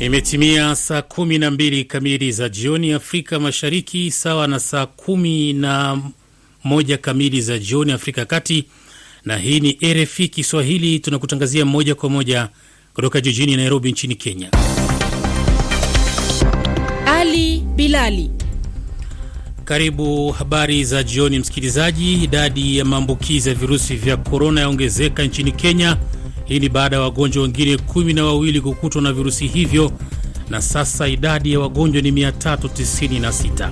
Imetimia saa 12 kamili za jioni Afrika Mashariki, sawa na saa moja kamili za jioni Afrika ya Kati, na hii ni RFI Kiswahili. Tunakutangazia moja kwa moja kutoka jijini Nairobi nchini Kenya. Ali Bilali, karibu. Habari za jioni, msikilizaji. Idadi ya maambukizi ya virusi vya korona yaongezeka nchini Kenya hii ni baada ya wagonjwa wengine kumi na wawili kukutwa na virusi hivyo na sasa idadi ya wagonjwa ni 396.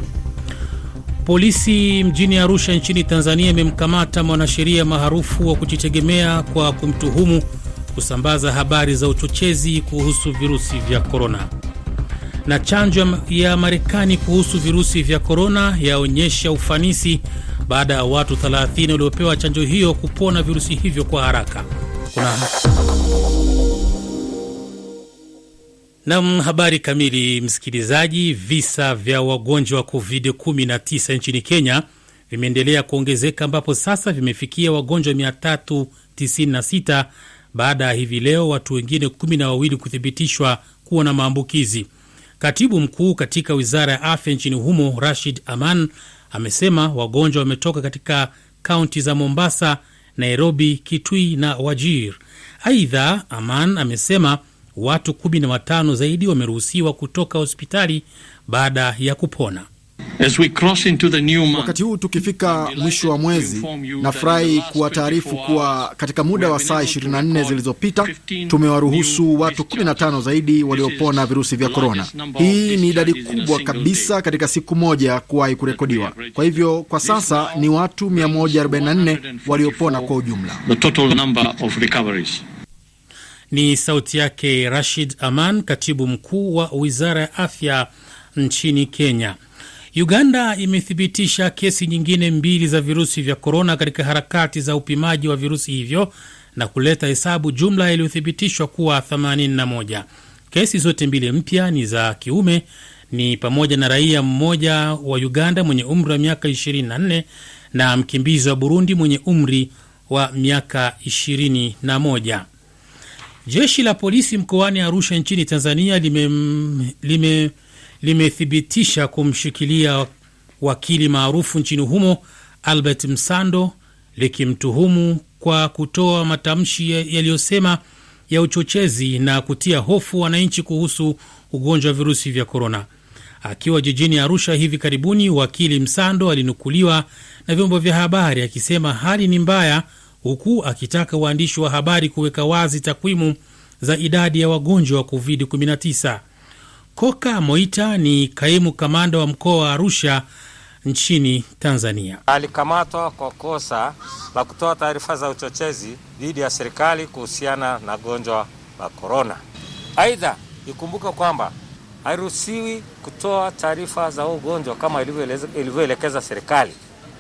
Polisi mjini Arusha nchini Tanzania imemkamata mwanasheria maarufu wa kujitegemea kwa kumtuhumu kusambaza habari za uchochezi kuhusu virusi vya korona. Na chanjo ya Marekani kuhusu virusi vya korona yaonyesha ufanisi baada ya watu 30 waliopewa chanjo hiyo kupona virusi hivyo kwa haraka kuna Nam, habari kamili, msikilizaji. Visa vya wagonjwa wa covid 19 nchini Kenya vimeendelea kuongezeka ambapo sasa vimefikia wagonjwa 396 baada ya hivi leo watu wengine 12 na kuthibitishwa kuwa na maambukizi. Katibu mkuu katika wizara ya afya nchini humo Rashid Aman amesema wagonjwa wametoka katika kaunti za Mombasa, Nairobi, Kitui na Wajir. Aidha, Aman amesema watu 15 zaidi wameruhusiwa kutoka hospitali baada ya kupona wakati huu tukifika mwisho wa mwezi, nafurahi kuwataarifu kuwa katika muda wa saa 24 zilizopita tumewaruhusu watu 15 zaidi waliopona virusi vya korona. Hii ni idadi kubwa kabisa katika siku moja kuwahi kurekodiwa. Kwa hivyo kwa sasa ni watu 144 waliopona kwa ujumla. Ni sauti yake Rashid Aman, katibu mkuu wa wizara ya afya nchini Kenya. Uganda imethibitisha kesi nyingine mbili za virusi vya korona katika harakati za upimaji wa virusi hivyo na kuleta hesabu jumla iliyothibitishwa kuwa 81. Kesi zote mbili mpya ni za kiume, ni pamoja na raia mmoja wa Uganda mwenye umri wa miaka 24 na mkimbizi wa Burundi mwenye umri wa miaka 21. Jeshi la polisi mkoani Arusha nchini Tanzania lime, lime limethibitisha kumshikilia wakili maarufu nchini humo Albert Msando likimtuhumu kwa kutoa matamshi yaliyosema ya, uchochezi na kutia hofu wananchi kuhusu ugonjwa wa virusi vya korona. Akiwa jijini Arusha hivi karibuni, wakili Msando alinukuliwa na vyombo vya habari akisema hali ni mbaya, huku akitaka waandishi wa habari kuweka wazi takwimu za idadi ya wagonjwa wa COVID-19. Koka Moita ni kaimu kamanda wa mkoa wa Arusha nchini Tanzania. Alikamatwa kwa kosa la kutoa taarifa za uchochezi dhidi ya serikali kuhusiana na gonjwa la korona. Aidha, ikumbuke kwamba hairuhusiwi kutoa taarifa za ugonjwa kama ilivyoelekeza serikali,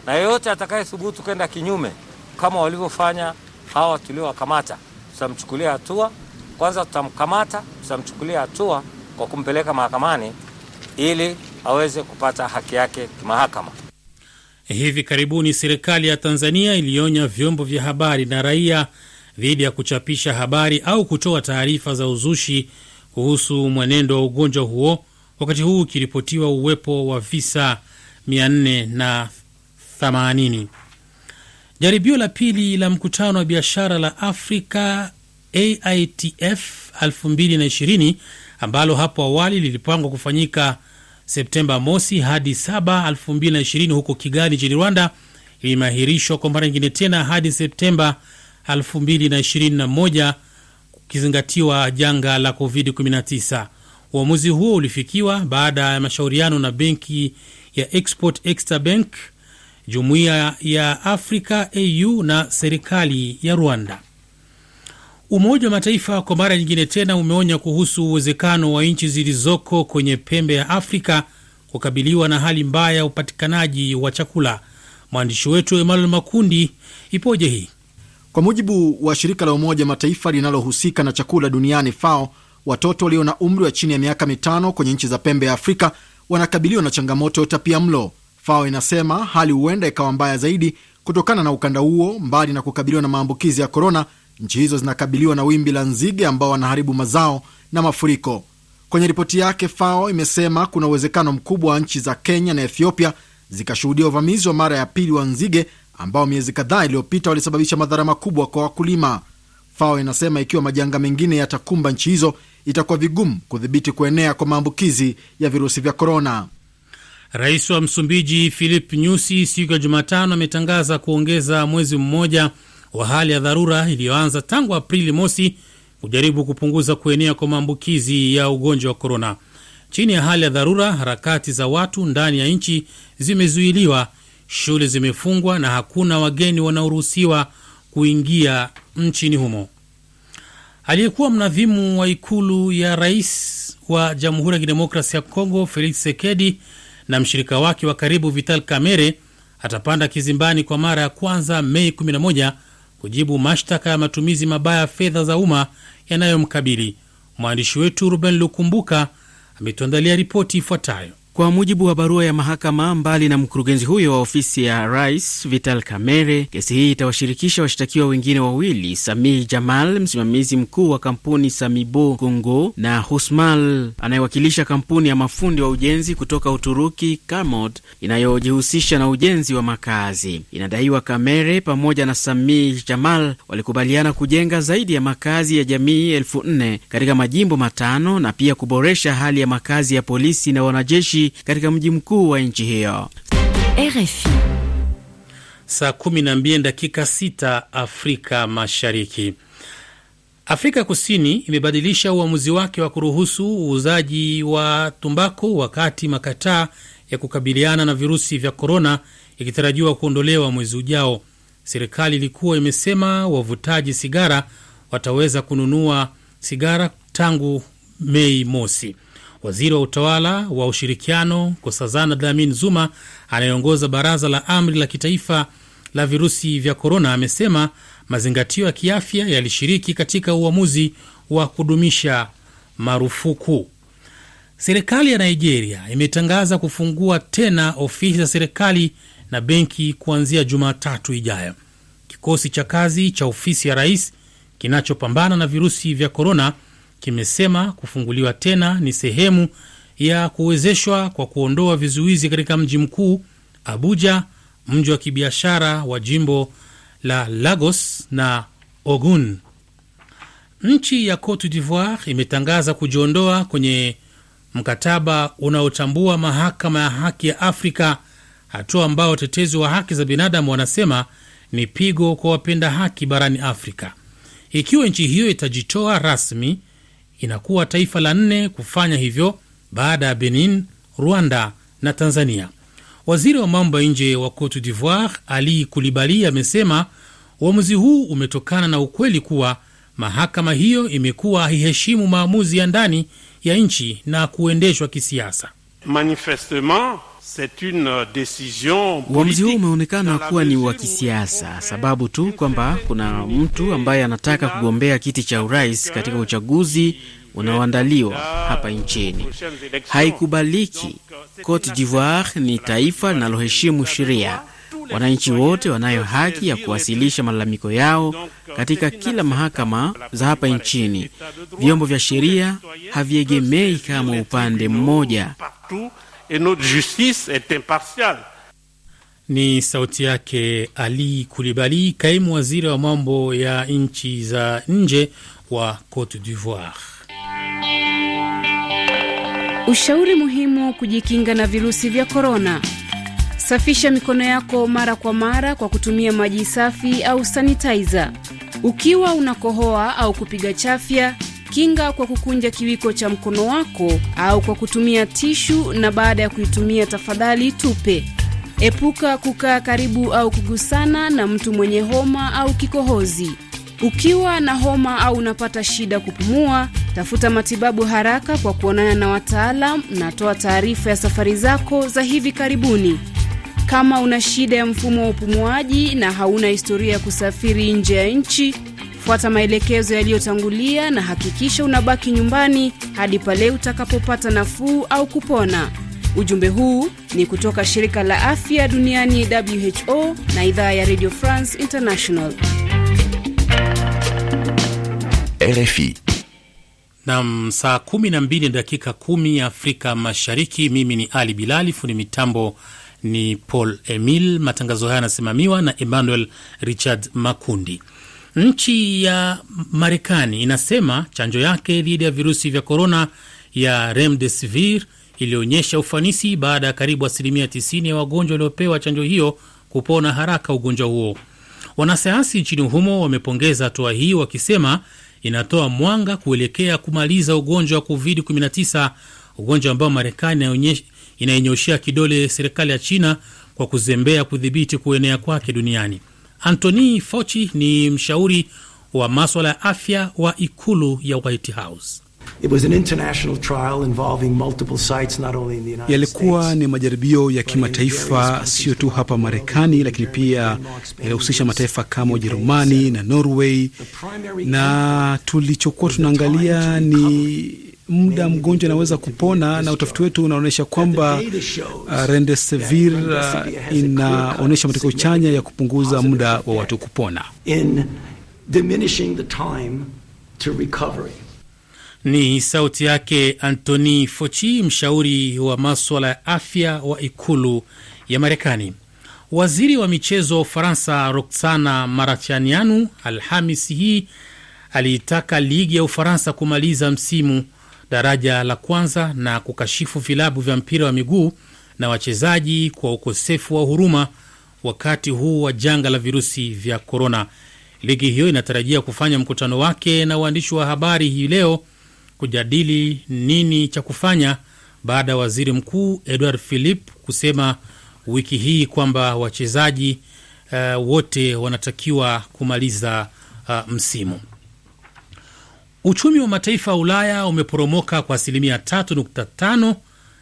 na yeyote atakayethubutu kwenda kinyume kama walivyofanya hawa tuliowakamata, tutamchukulia hatua. Kwanza tutamkamata, tutamchukulia hatua kwa kumpeleka mahakamani ili aweze kupata haki yake kimahakama. Hivi karibuni serikali ya Tanzania ilionya vyombo vya habari na raia dhidi ya kuchapisha habari au kutoa taarifa za uzushi kuhusu mwenendo wa ugonjwa huo, wakati huu ukiripotiwa uwepo wa visa 480. Jaribio la pili la mkutano wa biashara la Afrika AITF ambalo hapo awali lilipangwa kufanyika Septemba mosi hadi 7 2020 huko Kigali nchini Rwanda limeahirishwa kwa mara nyingine tena hadi Septemba 2021 kukizingatiwa janga la COVID-19. Uamuzi huo ulifikiwa baada ya mashauriano na benki ya Export Extra Bank, jumuiya ya Afrika AU na serikali ya Rwanda. Umoja wa Mataifa kwa mara nyingine tena umeonya kuhusu uwezekano wa nchi zilizoko kwenye pembe ya Afrika kukabiliwa na hali mbaya ya upatikanaji wa chakula. Mwandishi wetu Emmanuel Makundi, ipoje hii? Kwa mujibu wa shirika la Umoja wa Mataifa linalohusika na chakula duniani FAO, watoto walio na umri wa chini ya miaka mitano kwenye nchi za pembe ya Afrika wanakabiliwa na changamoto ya utapia mlo. FAO inasema hali huenda ikawa mbaya zaidi kutokana na ukanda huo, mbali na kukabiliwa na maambukizi ya korona Nchi hizo zinakabiliwa na wimbi la nzige ambao wanaharibu mazao na mafuriko. Kwenye ripoti yake, FAO imesema kuna uwezekano mkubwa wa nchi za Kenya na Ethiopia zikashuhudia uvamizi wa mara ya pili wa nzige ambao miezi kadhaa iliyopita walisababisha madhara makubwa kwa wakulima. FAO inasema ikiwa majanga mengine yatakumba nchi hizo, itakuwa vigumu kudhibiti kuenea kwa maambukizi ya virusi vya korona. Rais wa Msumbiji Philip Nyusi siku ya Jumatano ametangaza kuongeza mwezi mmoja wa hali ya dharura iliyoanza tangu Aprili mosi kujaribu kupunguza kuenea kwa maambukizi ya ugonjwa wa korona. Chini ya hali ya dharura, harakati za watu ndani ya nchi zimezuiliwa, shule zimefungwa na hakuna wageni wanaoruhusiwa kuingia nchini humo. Aliyekuwa mnadhimu wa ikulu ya rais wa Jamhuri ya Kidemokrasi ya Kongo Felix Sekedi na mshirika wake wa karibu Vital Kamerhe atapanda kizimbani kwa mara ya kwanza Mei 11 kujibu mashtaka ya matumizi mabaya ya fedha za umma yanayomkabili. Mwandishi wetu Ruben Lukumbuka ametuandalia ripoti ifuatayo. Kwa mujibu wa barua ya mahakama, mbali na mkurugenzi huyo wa ofisi ya rais Vital Kamerhe, kesi hii itawashirikisha washtakiwa wengine wawili, Samih Jamal, msimamizi mkuu wa kampuni Samibo Kongo, na Husmal anayewakilisha kampuni ya mafundi wa ujenzi kutoka Uturuki Kamot inayojihusisha na ujenzi wa makazi. Inadaiwa Kamerhe pamoja na Samih Jamal walikubaliana kujenga zaidi ya makazi ya jamii elfu nne katika majimbo matano na pia kuboresha hali ya makazi ya polisi na wanajeshi katika mji mkuu wa nchi hiyo. RFI saa mbili dakika 6 Afrika Mashariki. Afrika Kusini imebadilisha uamuzi wake wa kuruhusu uuzaji wa tumbako wakati makataa ya kukabiliana na virusi vya korona ikitarajiwa kuondolewa mwezi ujao. Serikali ilikuwa imesema wavutaji sigara wataweza kununua sigara tangu Mei mosi. Waziri wa utawala wa ushirikiano Kosazana Dlamini Zuma anayeongoza baraza la amri la kitaifa la virusi vya korona amesema mazingatio ya kiafya yalishiriki katika uamuzi wa kudumisha marufuku. Serikali ya Nigeria imetangaza kufungua tena ofisi za serikali na benki kuanzia Jumatatu ijayo. Kikosi cha kazi cha ofisi ya rais kinachopambana na virusi vya korona kimesema kufunguliwa tena ni sehemu ya kuwezeshwa kwa kuondoa vizuizi katika mji mkuu Abuja, mji wa kibiashara wa jimbo la Lagos na Ogun. Nchi ya Cote d'Ivoire imetangaza kujiondoa kwenye mkataba unaotambua mahakama ya haki ya Afrika, hatua ambayo watetezi wa haki za binadamu wanasema ni pigo kwa wapenda haki barani Afrika. Ikiwa nchi hiyo itajitoa rasmi inakuwa taifa la nne kufanya hivyo baada ya Benin, Rwanda na Tanzania. Waziri wa mambo ya nje wa Cote d'Ivoire Ali Kulibali amesema uamuzi huu umetokana na ukweli kuwa mahakama hiyo imekuwa haiheshimu maamuzi ya ndani ya nchi na kuendeshwa kisiasa manifestement Uamuzi euh, huu umeonekana kuwa ni wa kisiasa, sababu tu kwamba kuna mtu ambaye anataka kugombea kiti cha urais katika uchaguzi unaoandaliwa hapa nchini. Haikubaliki. Euh, Cote d'Ivoire ni taifa linaloheshimu sheria. Wananchi wote wanayo haki ya kuwasilisha malalamiko yao euh, katika kila mahakama za hapa nchini. Vyombo vya sheria haviegemei kama upande mmoja et notre justice est impartiale. Ni sauti yake Ali Kulibali, kaimu waziri wa mambo ya nchi za nje wa Cote d'Ivoire. Ushauri muhimu kujikinga na virusi vya korona: safisha mikono yako mara kwa mara kwa kutumia maji safi au sanitizer. Ukiwa unakohoa au kupiga chafya Kinga kwa kukunja kiwiko cha mkono wako au kwa kutumia tishu, na baada ya kuitumia tafadhali tupe. Epuka kukaa karibu au kugusana na mtu mwenye homa au kikohozi. Ukiwa na homa au unapata shida kupumua, tafuta matibabu haraka kwa kuonana na wataalam na toa taarifa ya safari zako za hivi karibuni. Kama una shida ya mfumo wa upumuaji na hauna historia ya kusafiri nje ya nchi, Fuata maelekezo yaliyotangulia na hakikisha unabaki nyumbani hadi pale utakapopata nafuu au kupona. Ujumbe huu ni kutoka shirika la afya duniani WHO na idhaa ya Radio France International. RFI. Nam, saa 12 na dakika 1 Afrika Mashariki. Mimi ni Ali Bilali, fundi mitambo ni Paul Emil. Matangazo haya yanasimamiwa na Emmanuel Richard Makundi. Nchi ya Marekani inasema chanjo yake dhidi ya virusi vya korona ya remdesivir ilionyesha ufanisi baada ya karibu asilimia 90 ya wagonjwa waliopewa chanjo hiyo kupona haraka ugonjwa huo. Wanasayansi nchini humo wamepongeza hatua hii wakisema inatoa mwanga kuelekea kumaliza ugonjwa wa COVID-19, ugonjwa ambao Marekani inainyoshea kidole serikali ya China kwa kuzembea kudhibiti kuenea kwake duniani. Anthony Fauci ni mshauri wa maswala ya afya wa ikulu ya White House. yalikuwa ni majaribio ya kimataifa siyo tu hapa Marekani, lakini pia yalihusisha mataifa kama Ujerumani na Norway, na tulichokuwa tunaangalia ni muda mgonjwa anaweza kupona, na utafiti wetu unaonyesha kwamba uh, Remdesivir uh, inaonyesha matokeo chanya ya kupunguza muda wa watu kupona. Ni sauti yake Anthony Fauci, mshauri wa maswala ya afya wa ikulu ya Marekani. Waziri wa michezo wa Ufaransa Roksana Marachanianu Alhamisi hii aliitaka ligi ya Ufaransa kumaliza msimu daraja la kwanza na kukashifu vilabu vya mpira wa miguu na wachezaji kwa ukosefu wa huruma wakati huu wa janga la virusi vya korona. Ligi hiyo inatarajia kufanya mkutano wake na waandishi wa habari hii leo kujadili nini cha kufanya baada ya waziri mkuu Edward Philip kusema wiki hii kwamba wachezaji uh, wote wanatakiwa kumaliza uh, msimu. Uchumi wa mataifa ya Ulaya umeporomoka kwa asilimia 3.5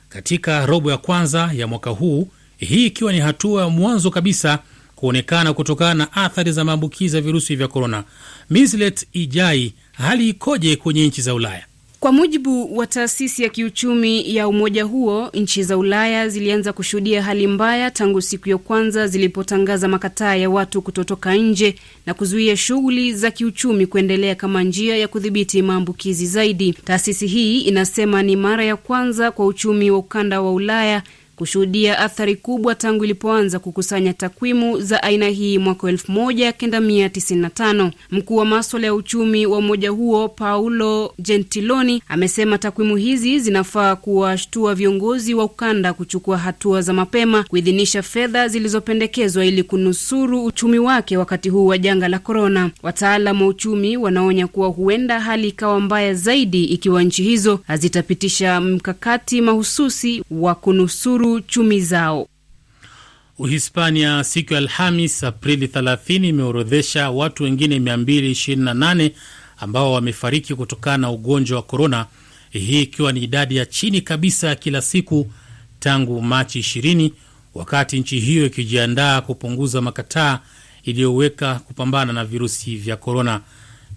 katika robo ya kwanza ya mwaka huu, hii ikiwa ni hatua ya mwanzo kabisa kuonekana kutokana na athari za maambukizi ya virusi vya korona. Mislet Ijai, hali ikoje kwenye nchi za Ulaya? Kwa mujibu wa taasisi ya kiuchumi ya umoja huo, nchi za Ulaya zilianza kushuhudia hali mbaya tangu siku ya kwanza zilipotangaza makataa ya watu kutotoka nje na kuzuia shughuli za kiuchumi kuendelea kama njia ya kudhibiti maambukizi zaidi. Taasisi hii inasema ni mara ya kwanza kwa uchumi wa ukanda wa Ulaya kushuhudia athari kubwa tangu ilipoanza kukusanya takwimu za aina hii mwaka 1995. Mkuu wa maswala ya uchumi wa umoja huo Paulo Gentiloni amesema takwimu hizi zinafaa kuwashtua viongozi wa ukanda kuchukua hatua za mapema kuidhinisha fedha zilizopendekezwa ili kunusuru uchumi wake wakati huu wa janga la korona. Wataalam wa uchumi wanaonya kuwa huenda hali ikawa mbaya zaidi ikiwa nchi hizo hazitapitisha mkakati mahususi wa kunusuru kushukuru chumi zao. Uhispania siku ya Alhamis Aprili 30 imeorodhesha watu wengine 228 ambao wamefariki kutokana na ugonjwa wa korona, hii ikiwa ni idadi ya chini kabisa ya kila siku tangu Machi 20 wakati nchi hiyo ikijiandaa kupunguza makataa iliyoweka kupambana na virusi vya korona.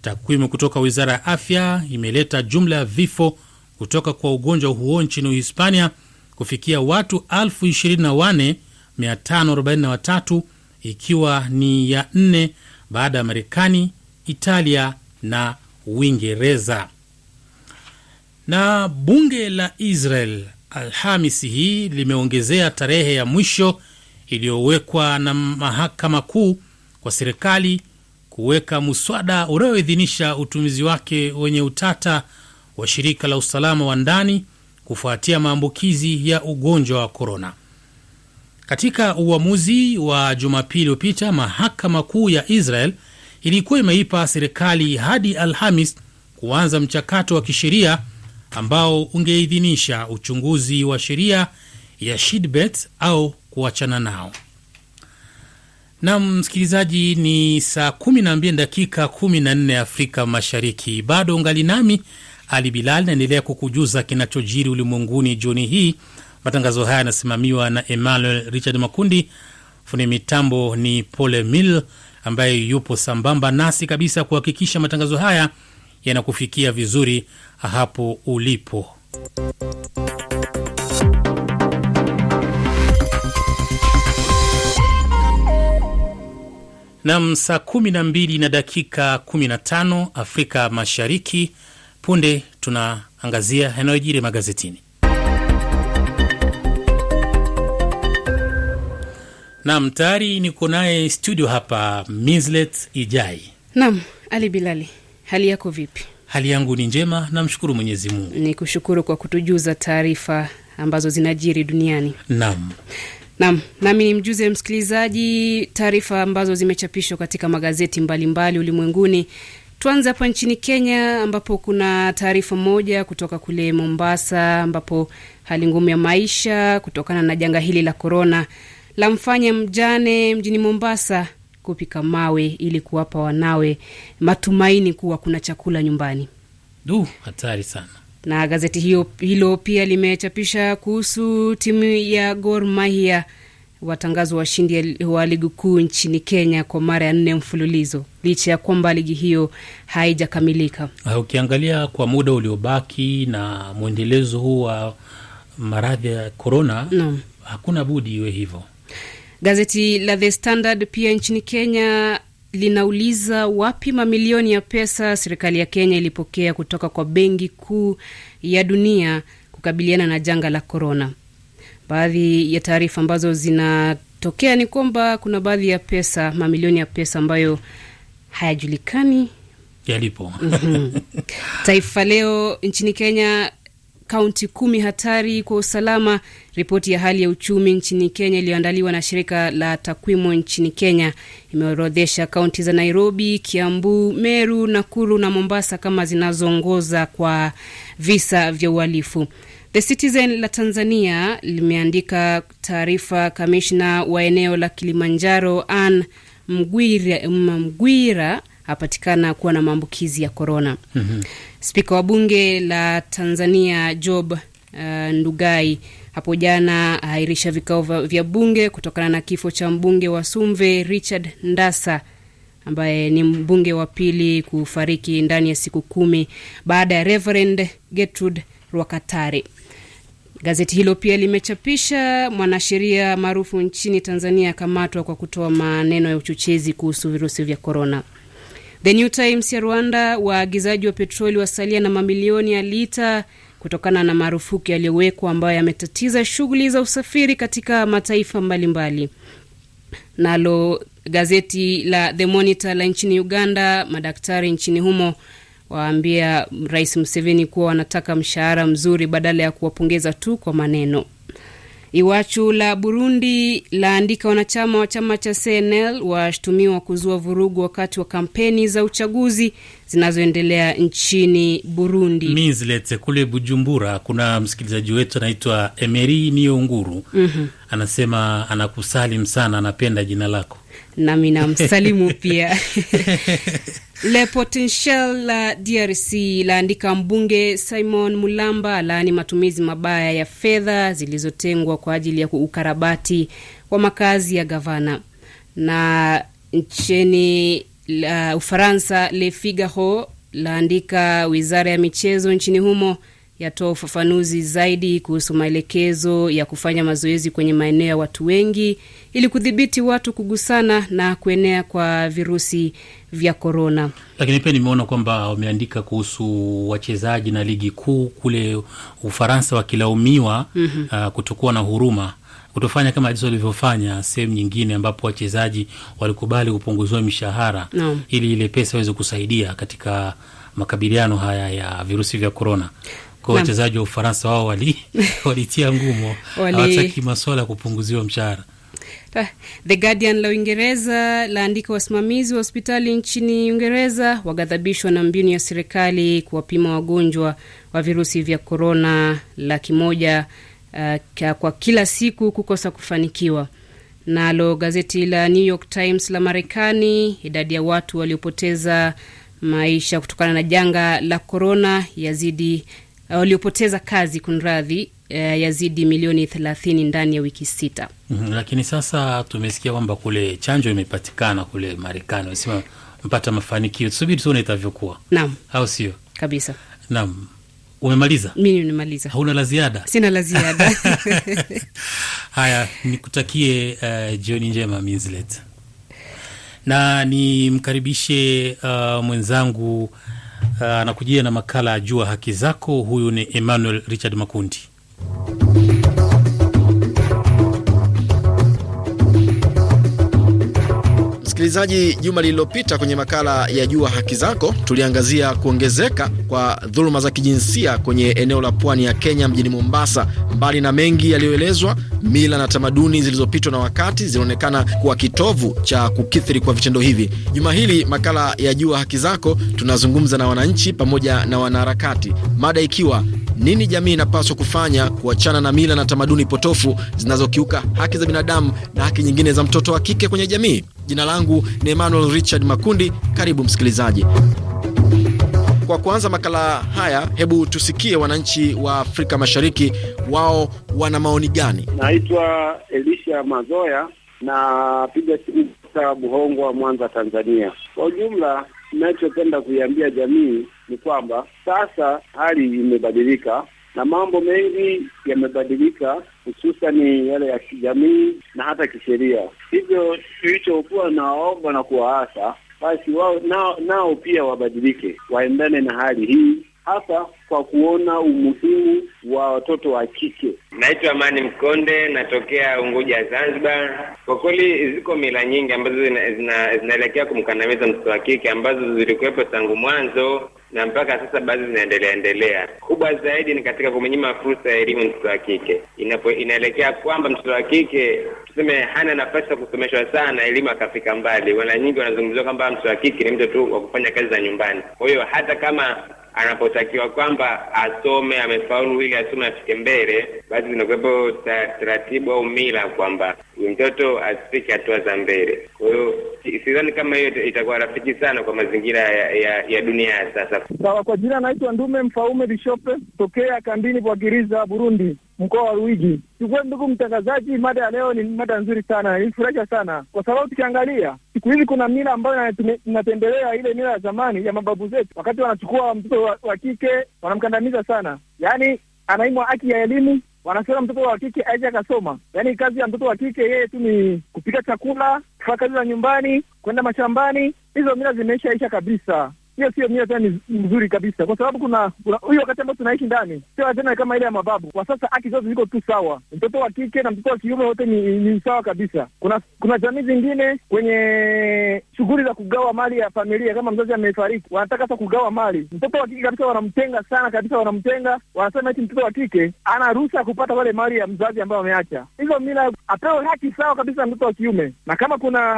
Takwimu kutoka wizara ya afya imeleta jumla ya vifo kutoka kwa ugonjwa huo nchini Uhispania kufikia watu 24543 ikiwa ni ya nne baada ya Marekani, Italia na Uingereza. Na bunge la Israel Alhamisi hii limeongezea tarehe ya mwisho iliyowekwa na mahakama kuu kwa serikali kuweka muswada unaoidhinisha utumizi wake wenye utata wa shirika la usalama wa ndani kufuatia maambukizi ya ugonjwa wa korona. Katika uamuzi wa Jumapili iliyopita, mahakama kuu ya Israel ilikuwa imeipa serikali hadi Alhamis kuanza mchakato wa kisheria ambao ungeidhinisha uchunguzi wa sheria ya Shidbet au kuachana nao. Nam msikilizaji, ni saa 12 dakika 14 Afrika Mashariki. Bado ungali nami ali Bilal naendelea kukujuza kinachojiri ulimwenguni jioni hii. Matangazo haya yanasimamiwa na Emmanuel Richard Makundi, fundi mitambo ni Pole Mil ambaye yupo sambamba nasi kabisa kuhakikisha matangazo haya yanakufikia vizuri hapo ulipo. Nam, saa 12 na dakika 15 Afrika Mashariki Punde tunaangazia yanayojiri magazetini. Nam, tayari niko naye studio hapa Mislet Ijai. Nam Ali Bilali, hali yako vipi? Hali yangu ni njema, namshukuru Mwenyezi Mungu. Ni kushukuru kwa kutujuza taarifa ambazo zinajiri duniani. Nam nam, nami ni mjuze msikilizaji taarifa ambazo zimechapishwa katika magazeti mbalimbali ulimwenguni Tuanze hapa nchini Kenya, ambapo kuna taarifa moja kutoka kule Mombasa, ambapo hali ngumu ya maisha kutokana na janga hili la korona lamfanya mjane mjini Mombasa kupika mawe ili kuwapa wanawe matumaini kuwa kuna chakula nyumbani. Du, hatari sana. Na gazeti hiyo, hilo pia limechapisha kuhusu timu ya Gor Mahia watangazo washindi wa ligi kuu nchini Kenya kwa mara ya nne mfululizo licha ya kwamba ligi hiyo haijakamilika. Ah, ukiangalia kwa muda uliobaki na mwendelezo huu wa maradhi ya korona, no. hakuna budi iwe hivyo. Gazeti la The Standard pia nchini Kenya linauliza wapi mamilioni ya pesa serikali ya Kenya ilipokea kutoka kwa Benki Kuu ya Dunia kukabiliana na janga la korona baadhi ya taarifa ambazo zinatokea ni kwamba kuna baadhi ya pesa, mamilioni ya pesa ambayo hayajulikani yalipo. Mhm. Taifa Leo nchini Kenya, kaunti kumi hatari kwa usalama. Ripoti ya hali ya uchumi nchini Kenya iliyoandaliwa na shirika la takwimu nchini Kenya imeorodhesha kaunti za Nairobi, Kiambu, Meru, Nakuru na Mombasa kama zinazoongoza kwa visa vya uhalifu. The Citizen la Tanzania limeandika taarifa, kamishna wa eneo la Kilimanjaro an Mgwira, Mgwira apatikana kuwa na maambukizi ya korona. mm -hmm. Spika wa bunge la Tanzania Job uh, Ndugai hapo jana ahirisha vikao vya bunge kutokana na kifo cha mbunge wa Sumve Richard Ndasa ambaye ni mbunge wa pili kufariki ndani ya siku kumi baada ya Reverend Gertrude Rwakatare. Gazeti hilo pia limechapisha mwanasheria maarufu nchini Tanzania akamatwa kwa kutoa maneno ya uchochezi kuhusu virusi vya korona. The New Times ya Rwanda, waagizaji wa petroli wasalia na mamilioni ya lita kutokana na marufuku yaliyowekwa ambayo yametatiza shughuli za usafiri katika mataifa mbalimbali. Nalo gazeti la The Monitor la nchini Uganda, madaktari nchini humo waambia Rais Museveni kuwa wanataka mshahara mzuri badala ya kuwapongeza tu kwa maneno. Iwachu la Burundi laandika wanachama wa chama cha CNL washtumiwa kuzua vurugu wakati wa kampeni za uchaguzi zinazoendelea nchini Burundi. Mislet, kule Bujumbura kuna msikilizaji wetu anaitwa Emeri Niyo Nguru. mm -hmm. Anasema anakusalim sana, anapenda jina lako nami namsalimu pia Le Potentiel la DRC laandika mbunge Simon Mulamba laani matumizi mabaya ya fedha zilizotengwa kwa ajili ya ukarabati wa makazi ya gavana. Na nchini la uh, Ufaransa, Le Figaro laandika wizara ya michezo nchini humo yatoa ufafanuzi zaidi kuhusu maelekezo ya kufanya mazoezi kwenye maeneo ya watu wengi ili kudhibiti watu kugusana na kuenea kwa virusi vya korona. Lakini pia nimeona kwamba wameandika kuhusu wachezaji na ligi kuu kule Ufaransa wakilaumiwa mm -hmm. uh, kutokuwa na huruma kutofanya kama jinsi walivyofanya sehemu nyingine ambapo wachezaji walikubali kupunguziwa mishahara no. ili ile pesa aweze kusaidia katika makabiliano haya ya virusi vya korona kwa wachezaji wa Ufaransa wao walitia wali ngumo wali... hawataki maswala ya kupunguziwa mshahara. The Guardian la Uingereza laandika wasimamizi wa hospitali nchini Uingereza waghadhabishwa na mbinu ya serikali kuwapima wagonjwa wa virusi vya korona laki moja uh, kwa kila siku kukosa kufanikiwa. Nalo gazeti la New York Times la Marekani, idadi ya watu waliopoteza maisha kutokana na janga la korona yazidi Eh, waliopoteza kazi kunradhi, eh, yazidi milioni thelathini ndani ya wiki sita. Mm -hmm. Lakini sasa tumesikia kwamba kule chanjo imepatikana kule Marekani, wasema mpata mafanikio, subiri tuone itavyokuwa. Naam, au sio? Kabisa. Naam. Umemaliza? Mimi nimemaliza. Hauna la ziada? Sina la ziada. Haya, nikutakie uh, jioni njema Minzlet, na nimkaribishe uh, mwenzangu anakujia ah, na makala ya Jua Haki Zako. Huyu ni Emmanuel Richard Makundi. Msikilizaji, juma lililopita kwenye makala ya Jua Haki Zako tuliangazia kuongezeka kwa dhuluma za kijinsia kwenye eneo la pwani ya Kenya, mjini Mombasa. Mbali na mengi yaliyoelezwa, mila na tamaduni zilizopitwa na wakati zinaonekana kuwa kitovu cha kukithiri kwa vitendo hivi. Juma hili makala ya Jua Haki Zako tunazungumza na wananchi pamoja na wanaharakati, mada ikiwa nini jamii inapaswa kufanya kuachana na mila na tamaduni potofu zinazokiuka haki za binadamu na haki nyingine za mtoto wa kike kwenye jamii. Jina langu ni Emmanuel Richard Makundi. Karibu msikilizaji. Kwa kuanza makala haya, hebu tusikie wananchi wa Afrika Mashariki wao wana maoni gani. Naitwa Elisha Mazoya, napiga simu kutoka Buhongwa, Mwanza, Tanzania. Kwa ujumla, inachopenda kuiambia jamii ni kwamba sasa hali imebadilika na mambo mengi yamebadilika, hususani yale ya kijamii na hata kisheria. Hivyo tulichokuwa nawaomba na kuwaasa basi wao nao, nao pia wabadilike, waendane na hali hii hasa kwa kuona umuhimu wa watoto wa kike. Naitwa Amani Mkonde, natokea Unguja, Zanzibar. Kwa kweli ziko mila nyingi ambazo zinaelekea zina, zina kumkandamiza mtoto wa kike ambazo zilikuwepo tangu mwanzo na mpaka sasa baadhi zinaendelea endelea. Kubwa zaidi ni katika kumenyima fursa ya elimu mtoto wa kike. inaelekea kwamba mtoto wa kike tuseme hana nafasi ya kusomeshwa sana elimu akafika mbali. Mara nyingi wanazungumziwa kwamba mtoto wa kike ni mtu tu wa kufanya kazi za nyumbani, kwa hiyo hata kama anapotakiwa kwamba kwamba asome, amefaulu ili asome afike mbele, basi zinakuwepo taratibu au mila kwamba mtoto asifike hatua za mbele. Kwa hiyo sidhani kama hiyo itakuwa rafiki sana kwa mazingira ya, ya, ya dunia ya sasa. Sawa. Kwa jina naitwa Ndume Mfaume Bishope tokea kambini kwa Kiriza, Burundi mkoa wa ruigi Kiukweli, ndugu mtangazaji, mada ya leo ni mada nzuri sana, ilinifurahisha sana kwa sababu tukiangalia siku hizi kuna mila ambayo inatembelea ile mila ya zamani ya mababu zetu. Wakati wanachukua mtoto wa, wa kike wanamkandamiza sana, yaani anaimwa haki ya elimu wanasema mtoto wa kike aje akasoma. Yaani kazi ya mtoto wa kike yeye tu ni kupika chakula, kufanya kazi za nyumbani, kwenda mashambani. Hizo mila zimeishaisha kabisa hiyo sio mia tena ni mzuri kabisa, kwa sababu kuna hiyo wakati ambao tunaishi ndani, sio tena kama ile ya mababu. Kwa sasa haki zote ziko tu sawa, mtoto wa kike na mtoto wa kiume wote ni, ni sawa kabisa. Kuna kuna jamii zingine kwenye shughuli za kugawa mali ya familia, kama mzazi amefariki, wanataka sasa kugawa mali. Mtoto wa kike kabisa wanamtenga sana kabisa, wanamtenga, wanasema eti mtoto wa kike ana ruhusa ya kupata wale mali ya mzazi ambayo ameacha. Hizo mila apewe haki sawa kabisa na mtoto wa kiume, na kama kuna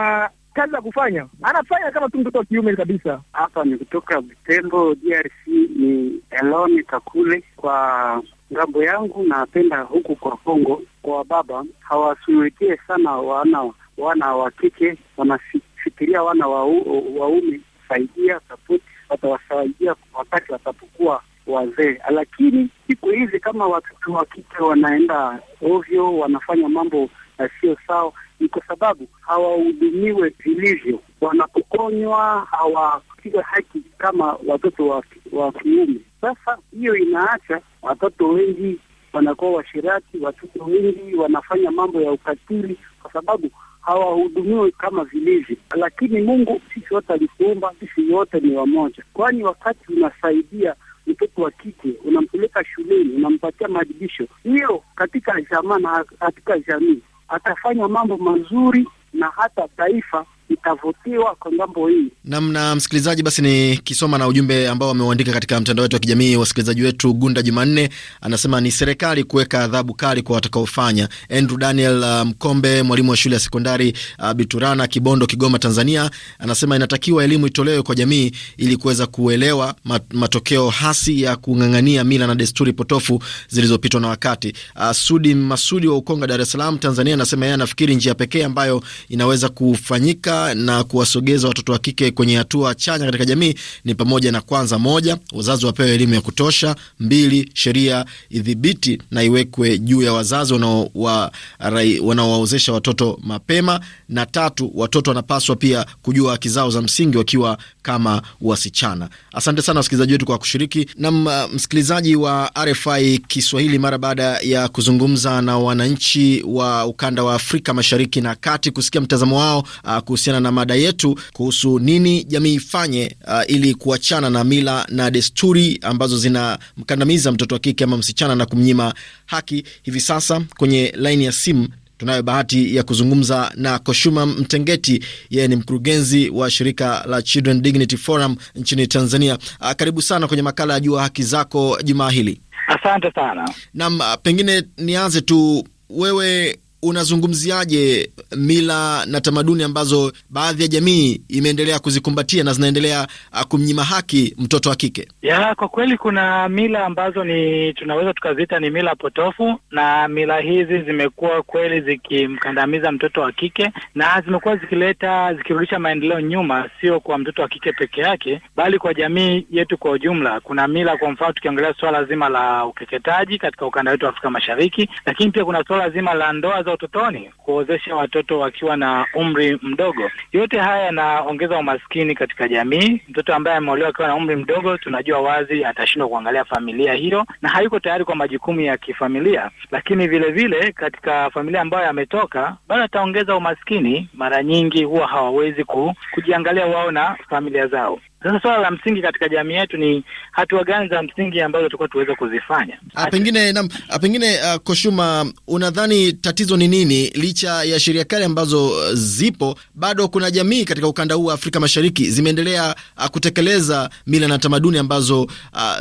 kazi za kufanya, anafanya kama tu mtoto wa kiume kabisa. Hapa ni kutoka Butembo, DRC, ni Eloni Kakule. Kwa ngambo yangu napenda huku kwa Kongo, kwa baba hawasumulikie sana wana wana wa kike, wanafikiria wana waume saidia sapoti, watawasaidia wakati watapokuwa wazee. Lakini siku hizi kama watoto wa kike wanaenda ovyo, wanafanya mambo yasiyo sawa ni kwa sababu hawahudumiwe vilivyo, wanapokonywa hawapigwe haki kama watoto wa, wa kiume. Sasa hiyo inaacha watoto wengi wanakuwa washirati, watoto wengi wanafanya mambo ya ukatili kwa sababu hawahudumiwi kama vilivyo. Lakini Mungu sisi wote alikuumba, sisi wote ni wamoja, kwani wakati unasaidia mtoto wa kike unampeleka shuleni, unampatia maadibisho hiyo katika jamaa na katika jamii atafanya mambo mazuri na hata taifa itavutiwa kwa ngambo hii. Naam, na msikilizaji, basi ni kisoma na ujumbe ambao wameuandika katika mtandao wetu wa kijamii, wasikilizaji wetu Gunda Jumanne anasema ni serikali kuweka adhabu kali kwa watakaofanya. Andrew Daniel uh, Mkombe, mwalimu wa shule ya sekondari uh, Biturana, Kibondo, Kigoma, Tanzania, anasema inatakiwa elimu itolewe kwa jamii ili kuweza kuelewa mat, matokeo hasi ya kung'ang'ania mila na desturi potofu zilizopitwa na wakati. Uh, Sudi Masudi wa Ukonga, Dar es Salaam, Tanzania, anasema yeye anafikiri njia pekee ambayo inaweza kufanyika na kuwasogeza watoto wa kike kwenye hatua chanya katika jamii ni pamoja na kwanza, moja, wazazi wapewe elimu ya kutosha; mbili, sheria idhibiti na iwekwe juu ya wazazi wanaowaozesha watoto mapema; na tatu, watoto wanapaswa pia kujua haki zao za msingi wakiwa kama wasichana. Asante sana wasikilizaji wetu kwa kushiriki na msikilizaji wa RFI Kiswahili. Mara baada ya kuzungumza na wananchi wa ukanda wa Afrika Mashariki na Kati kusikia mtazamo wao ah, kuhusiana kuhusiana na mada yetu kuhusu nini jamii ifanye, uh, ili kuachana na mila na desturi ambazo zinamkandamiza mtoto wa kike ama msichana na kumnyima haki. Hivi sasa kwenye laini ya simu tunayo bahati ya kuzungumza na Koshuma Mtengeti, yeye ni mkurugenzi wa shirika la Children Dignity Forum nchini Tanzania. Uh, karibu sana kwenye makala ya Jua Haki Zako jumaa hili. Asante sana. nam, uh, pengine nianze tu, wewe unazungumziaje mila na tamaduni ambazo baadhi ya jamii imeendelea kuzikumbatia na zinaendelea uh, kumnyima haki mtoto wa kike? Ya, kwa kweli kuna mila ambazo ni tunaweza tukaziita ni mila potofu, na mila hizi zimekuwa kweli zikimkandamiza mtoto wa kike na zimekuwa zikileta zikirudisha maendeleo nyuma, sio kwa mtoto wa kike peke yake, bali kwa jamii yetu kwa ujumla. Kuna mila, kwa mfano tukiongelea suala zima la ukeketaji katika ukanda wetu wa Afrika Mashariki, lakini pia kuna suala zima la ndoa za utotoni, kuozesha watoto wakiwa na umri mdogo. Yote haya yanaongeza umaskini katika jamii. Mtoto ambaye ameolewa akiwa na umri mdogo, tunajua wazi atashindwa kuangalia familia hiyo na hayuko tayari kwa majukumu ya kifamilia. Lakini vile vile katika familia ambayo ametoka, bado ataongeza umaskini. Mara nyingi huwa hawawezi ku, kujiangalia wao na familia zao. Sasa swala la msingi katika jamii yetu ni hatua gani za msingi ambazo tulikuwa tuweze kuzifanya. A, ah, pengine na, a, ah, pengine uh, Koshuma, unadhani tatizo ni nini? Licha ya sheria kali ambazo zipo, bado kuna jamii katika ukanda huu wa Afrika Mashariki zimeendelea kutekeleza mila na tamaduni ambazo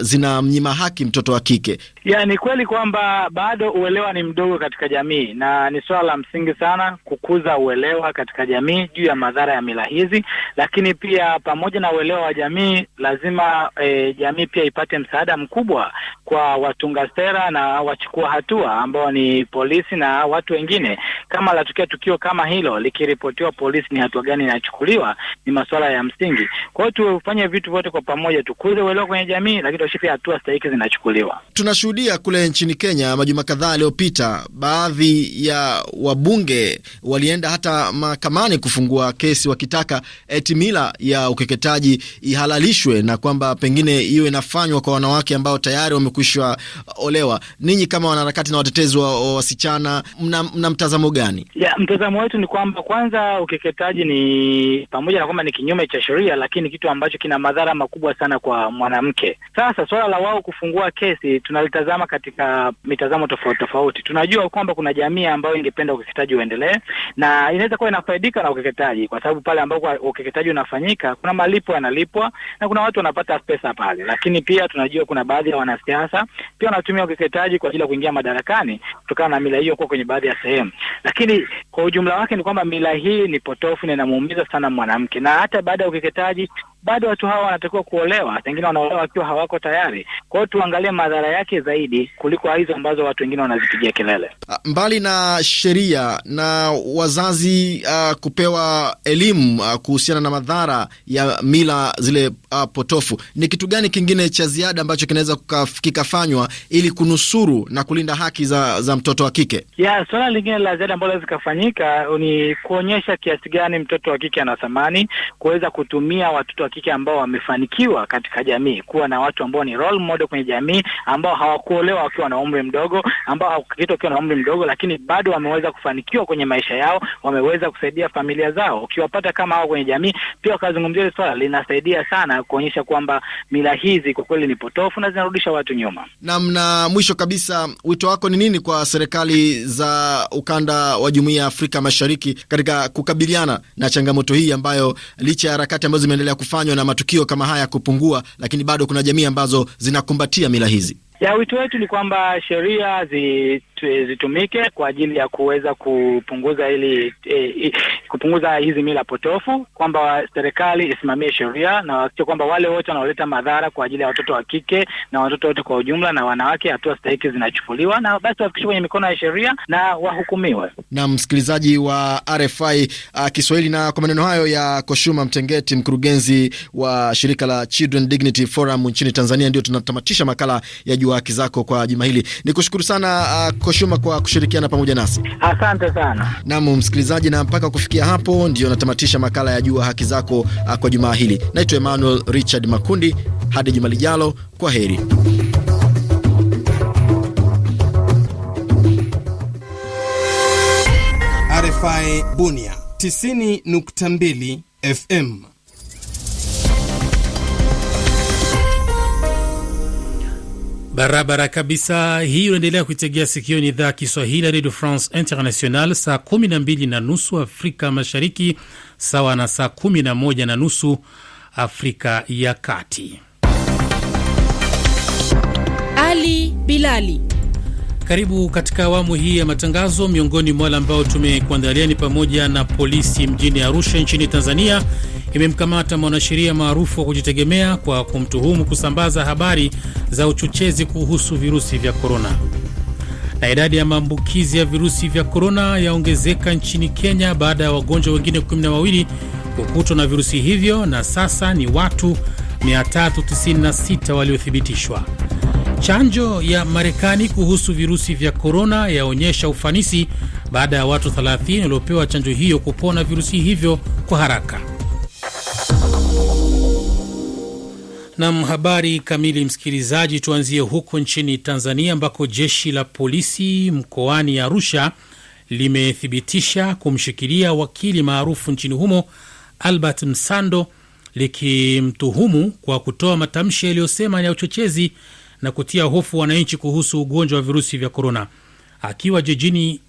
zinamnyima haki mtoto wa kike. Ya, ni kweli kwamba bado uelewa ni mdogo katika jamii, na ni swala la msingi sana kukuza uelewa katika jamii juu ya madhara ya mila hizi, lakini pia pamoja na uelewa wa jamii lazima e, jamii pia ipate msaada mkubwa kwa watunga sera na wachukua hatua ambao ni polisi na watu wengine. Kama latokea tukio kama hilo likiripotiwa, polisi ni hatua gani inachukuliwa? Ni masuala ya msingi. Kwa hiyo tufanye vitu vyote kwa pamoja, tukuze uelewa kwenye jamii, lakini tuakishe pia hatua stahiki zinachukuliwa. Tunashuhudia kule nchini Kenya majuma kadhaa yaliyopita, baadhi ya wabunge walienda hata mahakamani kufungua kesi wakitaka etimila ya ukeketaji ihalalishwe na kwamba pengine hiyo inafanywa kwa wanawake ambao tayari wamekwisha olewa. Ninyi kama wanaharakati na watetezi wa wasichana mna, mna mtazamo gani? Yeah, mtazamo wetu ni kwamba kwanza, ukeketaji ni pamoja na kwamba ni kinyume cha sheria, lakini kitu ambacho kina madhara makubwa sana kwa mwanamke. Sasa swala la wao kufungua kesi tunalitazama katika mitazamo tofauti tofauti. Tunajua kwamba kuna jamii ambayo ingependa ukeketaji uendelee na inaweza kuwa inafaidika na ukeketaji, kwa sababu pale ambapo ukeketaji unafanyika kuna malipo yanalipo wanalipwa na kuna watu wanapata pesa pale, lakini pia tunajua kuna baadhi ya wanasiasa pia wanatumia ukeketaji kwa ajili ya kuingia madarakani kutokana na mila hiyo kuwa kwenye baadhi ya sehemu. Lakini kwa ujumla wake ni kwamba mila hii ni potofu na inamuumiza sana mwanamke, na hata baada ya ukeketaji bado watu hawa wanatakiwa kuolewa, wengine wanaolewa wakiwa hawako tayari. Kwa hiyo tuangalie madhara yake zaidi kuliko hizo ambazo watu wengine wanazipigia kelele. Ah, mbali na sheria na wazazi uh, kupewa elimu uh, kuhusiana na madhara ya mila zile uh, potofu, ni kitu gani kingine cha ziada ambacho kinaweza kikafanywa ili kunusuru na kulinda haki za, za mtoto wa kike? Yeah, suala lingine la ziada ambalo zikafanyika ni kuonyesha kiasi gani mtoto wa kike ana thamani, kuweza kutumia watoto kike ambao wamefanikiwa katika jamii kuwa na watu ambao ni role model kwenye jamii, ambao hawakuolewa wakiwa na umri mdogo, ambao hawakukeketwa wakiwa na umri mdogo, lakini bado wameweza kufanikiwa kwenye maisha yao, wameweza kusaidia familia zao. Ukiwapata kama hao kwenye jamii, pia wakazungumzia hili swala, linasaidia sana kuonyesha kwamba mila hizi kwa kweli ni potofu na zinarudisha watu nyuma. Naam, na mwisho kabisa, wito wako ni nini kwa serikali za ukanda wa Jumuiya ya Afrika Mashariki katika kukabiliana na changamoto hii ambayo licha ya harakati ambazo zimeendelea kufanya yanayofanywa na matukio kama haya kupungua, lakini bado kuna jamii ambazo zinakumbatia mila hizi. Ya wito wetu ni kwamba sheria zi zitumike kwa ajili ya kuweza kupunguza ili eh, e, kupunguza hizi mila potofu, kwamba serikali isimamie sheria na wahakikishe kwamba wale wote wanaoleta madhara kwa ajili ya watoto wa kike na watoto wote kwa ujumla na wanawake, hatua stahiki zinachukuliwa na basi wafikishwe kwenye mikono ya sheria na wahukumiwe. Na msikilizaji wa RFI uh, Kiswahili, na kwa maneno hayo ya Koshuma Mtengeti, mkurugenzi wa shirika la Children Dignity Forum nchini Tanzania, ndio tunatamatisha makala ya Jua Haki Zako kwa juma hili. Nikushukuru sana uh, kwako Shuma kwa kushirikiana pamoja nasi, asante sana. nam msikilizaji, na mpaka kufikia hapo ndio natamatisha makala ya Jua Haki Zako ah, kwa jumaa hili. Naitwa Emmanuel Richard Makundi, hadi juma lijalo, kwa heri. RFI Bunia 90.2 FM Barabara kabisa, hii unaendelea kuitegea sikioni idhaa ya Kiswahili ya Radio France International, saa 12 na nusu Afrika Mashariki, sawa na saa 11 na nusu Afrika ya Kati. Ali Bilali karibu katika awamu hii ya matangazo. Miongoni mwa wale ambao tumekuandalia ni pamoja na polisi mjini Arusha nchini Tanzania imemkamata mwanasheria maarufu wa kujitegemea kwa kumtuhumu kusambaza habari za uchochezi kuhusu virusi vya korona. Na idadi ya maambukizi ya virusi vya korona yaongezeka nchini Kenya baada ya wagonjwa wengine 12 kukutwa na virusi hivyo na sasa ni watu 396 waliothibitishwa. Chanjo ya Marekani kuhusu virusi vya korona yaonyesha ufanisi baada ya watu 30 waliopewa chanjo hiyo kupona virusi hivyo kwa haraka. Nam, habari kamili, msikilizaji. Tuanzie huko nchini Tanzania ambako jeshi la polisi mkoani Arusha limethibitisha kumshikilia wakili maarufu nchini humo Albert Msando likimtuhumu kwa kutoa matamshi yaliyosema ya uchochezi na kutia hofu wananchi kuhusu ugonjwa wa virusi vya korona. Akiwa jijini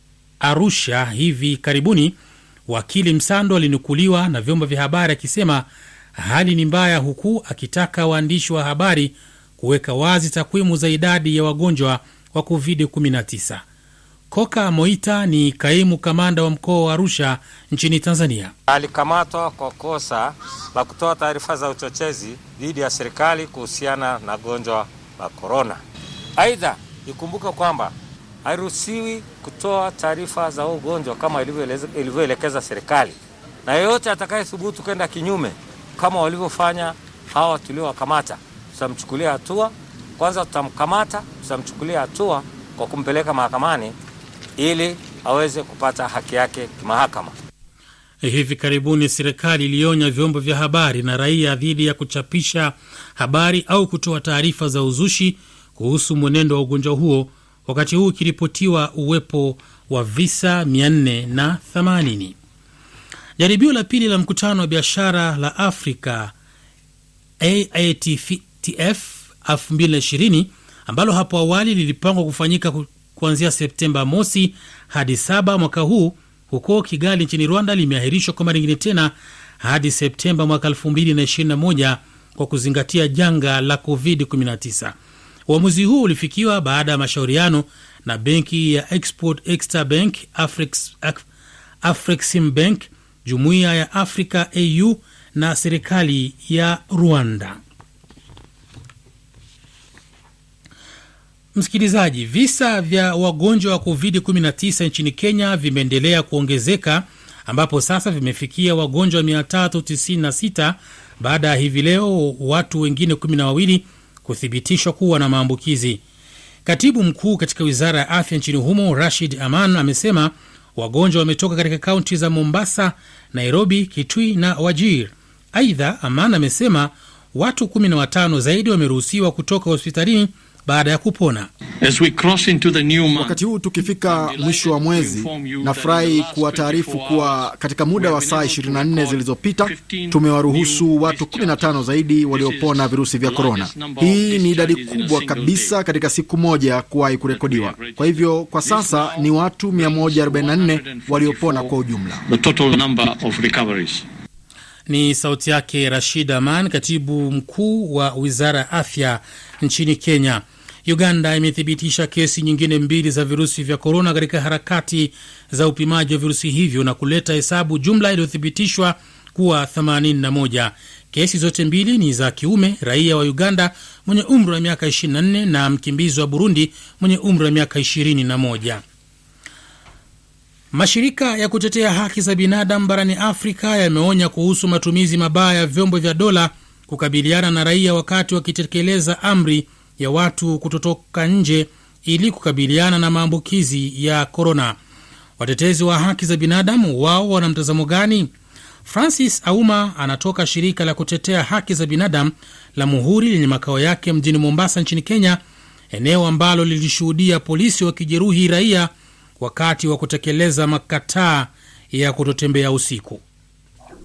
Arusha hivi karibuni, wakili Msando alinukuliwa na vyombo vya habari akisema hali ni mbaya, huku akitaka waandishi wa habari kuweka wazi takwimu za idadi ya wagonjwa wa COVID-19. Koka Moita ni kaimu kamanda wa mkoa wa Arusha nchini Tanzania. Alikamatwa kwa kosa la kutoa taarifa za uchochezi dhidi ya serikali kuhusiana na gonjwa wa korona. Aidha, ikumbuka kwamba hairuhusiwi kutoa taarifa za ugonjwa kama ilivyoelekeza serikali, na yeyote atakayethubutu kwenda kinyume kama walivyofanya hawa tuliowakamata, tutamchukulia hatua. Kwanza tutamkamata, tutamchukulia hatua kwa kumpeleka mahakamani ili aweze kupata haki yake kimahakama. Hivi karibuni serikali ilionya vyombo vya habari na raia dhidi ya kuchapisha habari au kutoa taarifa za uzushi kuhusu mwenendo wa ugonjwa huo, wakati huu ikiripotiwa uwepo wa visa 480. Jaribio la pili la mkutano wa biashara la Afrika AATF 2020 ambalo hapo awali lilipangwa kufanyika kuanzia Septemba mosi hadi saba mwaka huu huko Kigali nchini Rwanda limeahirishwa kwa mara nyingine tena hadi Septemba mwaka 2021 kwa kuzingatia janga la COVID-19. Uamuzi huu ulifikiwa baada ya mashauriano na benki ya Export Extra Bank, Afrexim Bank, Jumuiya ya Afrika au na serikali ya Rwanda. Msikilizaji, visa vya wagonjwa wa covid-19 nchini Kenya vimeendelea kuongezeka ambapo sasa vimefikia wagonjwa 396 baada ya hivi leo watu wengine 12 kuthibitishwa kuwa na maambukizi. Katibu mkuu katika wizara ya afya nchini humo Rashid Aman amesema wagonjwa wametoka katika kaunti za Mombasa, Nairobi, Kitui na Wajir. Aidha, Aman amesema watu 15 zaidi wameruhusiwa kutoka hospitalini baada ya kupona. As we cross into the new month, wakati huu tukifika mwisho wa mwezi, nafurahi kuwataarifu kuwa katika muda wa saa 24 zilizopita tumewaruhusu watu 15 zaidi waliopona virusi vya korona. Hii ni idadi kubwa kabisa katika siku moja kuwahi kurekodiwa. Kwa hivyo kwa sasa ni watu 144 waliopona kwa ujumla. The total number of recoveries. Ni sauti yake Rashid Aman, katibu mkuu wa wizara ya afya nchini Kenya. Uganda imethibitisha kesi nyingine mbili za virusi vya korona katika harakati za upimaji wa virusi hivyo na kuleta hesabu jumla iliyothibitishwa kuwa 81. Kesi zote mbili ni za kiume, raia wa Uganda mwenye umri wa miaka 24 na mkimbizi wa Burundi mwenye umri wa miaka 21. Mashirika ya kutetea haki za binadamu barani Afrika yameonya kuhusu matumizi mabaya ya vyombo vya dola kukabiliana na raia wakati wakitekeleza amri ya watu kutotoka nje ili kukabiliana na maambukizi ya korona watetezi wa haki za binadamu wao wana mtazamo gani francis auma anatoka shirika la kutetea haki za binadamu la muhuri lenye makao yake mjini mombasa nchini kenya eneo ambalo lilishuhudia polisi wakijeruhi raia wakati wa kutekeleza makataa ya kutotembea usiku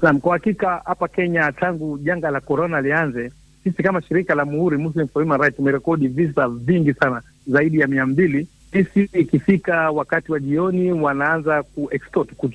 Naam, kwa hakika hapa Kenya tangu janga la korona lianze, sisi kama shirika la Muhuri Muslim for Human Rights tumerekodi visa vingi sana, zaidi ya mia mbili. Sisi ikifika wakati wa jioni, wanaanza ku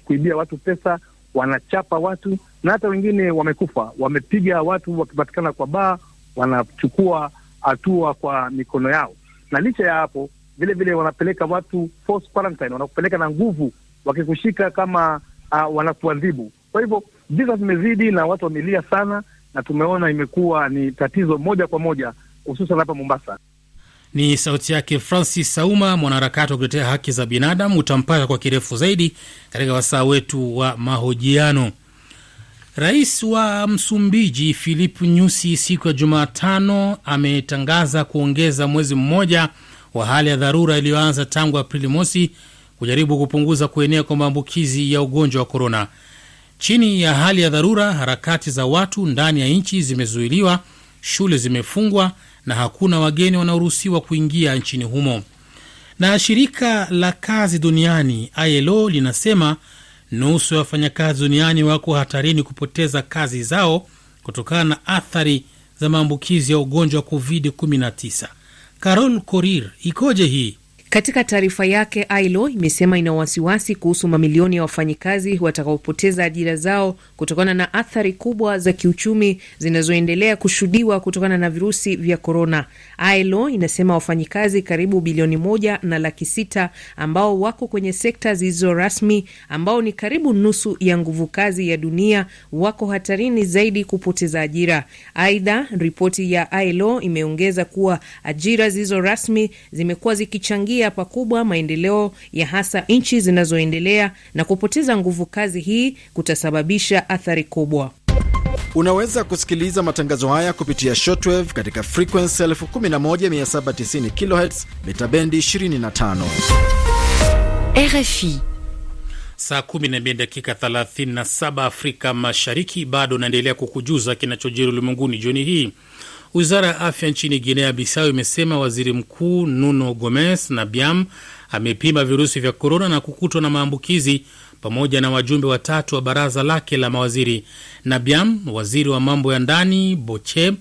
kuibia watu pesa, wanachapa watu na hata wengine wamekufa, wamepiga watu wakipatikana kwa baa, wanachukua hatua kwa mikono yao. Na licha ya hapo, vile vile wanapeleka watu quarantine, wanakupeleka na nguvu, wakikushika kama uh, wanakuadhibu. Kwa hivyo visa vimezidi na watu wamelia sana na tumeona imekuwa ni tatizo moja kwa moja, hususan hapa Mombasa. Ni sauti yake Francis Sauma, mwanaharakati wa kutetea haki za binadamu. Utampata kwa kirefu zaidi katika wasaa wetu wa mahojiano. Rais wa Msumbiji Filipe Nyusi siku ya Jumatano ametangaza kuongeza mwezi mmoja wa hali ya dharura iliyoanza tangu Aprili mosi kujaribu kupunguza kuenea kwa maambukizi ya ugonjwa wa korona. Chini ya hali ya dharura, harakati za watu ndani ya nchi zimezuiliwa, shule zimefungwa na hakuna wageni wanaoruhusiwa kuingia nchini humo. Na shirika la kazi duniani ILO linasema nusu ya wafanyakazi duniani wako hatarini kupoteza kazi zao kutokana na athari za maambukizi ya ugonjwa wa COVID-19. Carol Korir, ikoje hii? Katika taarifa yake, ILO imesema ina wasiwasi kuhusu mamilioni ya wafanyikazi watakaopoteza ajira zao kutokana na athari kubwa za kiuchumi zinazoendelea kushuhudiwa kutokana na virusi vya korona. ILO inasema wafanyikazi karibu bilioni moja na laki sita ambao wako kwenye sekta zilizo rasmi, ambao ni karibu nusu ya nguvu kazi ya dunia, wako hatarini zaidi kupoteza ajira. Aidha, ripoti ya ILO imeongeza kuwa ajira zilizo rasmi zimekuwa zikichangia huchangia pakubwa maendeleo ya hasa nchi zinazoendelea, na kupoteza nguvu kazi hii kutasababisha athari kubwa. Unaweza kusikiliza matangazo haya kupitia shortwave katika frequency 11790 kHz mitabendi 25 RFI. Saa 12 dakika 37 Afrika Mashariki. Bado unaendelea kukujuza kinachojiri ulimwenguni jioni hii. Wizara ya afya nchini Guinea Bissau imesema waziri mkuu Nuno Gomes na Biam amepima virusi vya korona na kukutwa na maambukizi pamoja na wajumbe watatu wa baraza lake la mawaziri. Nabiam, waziri wa mambo ya ndani Boche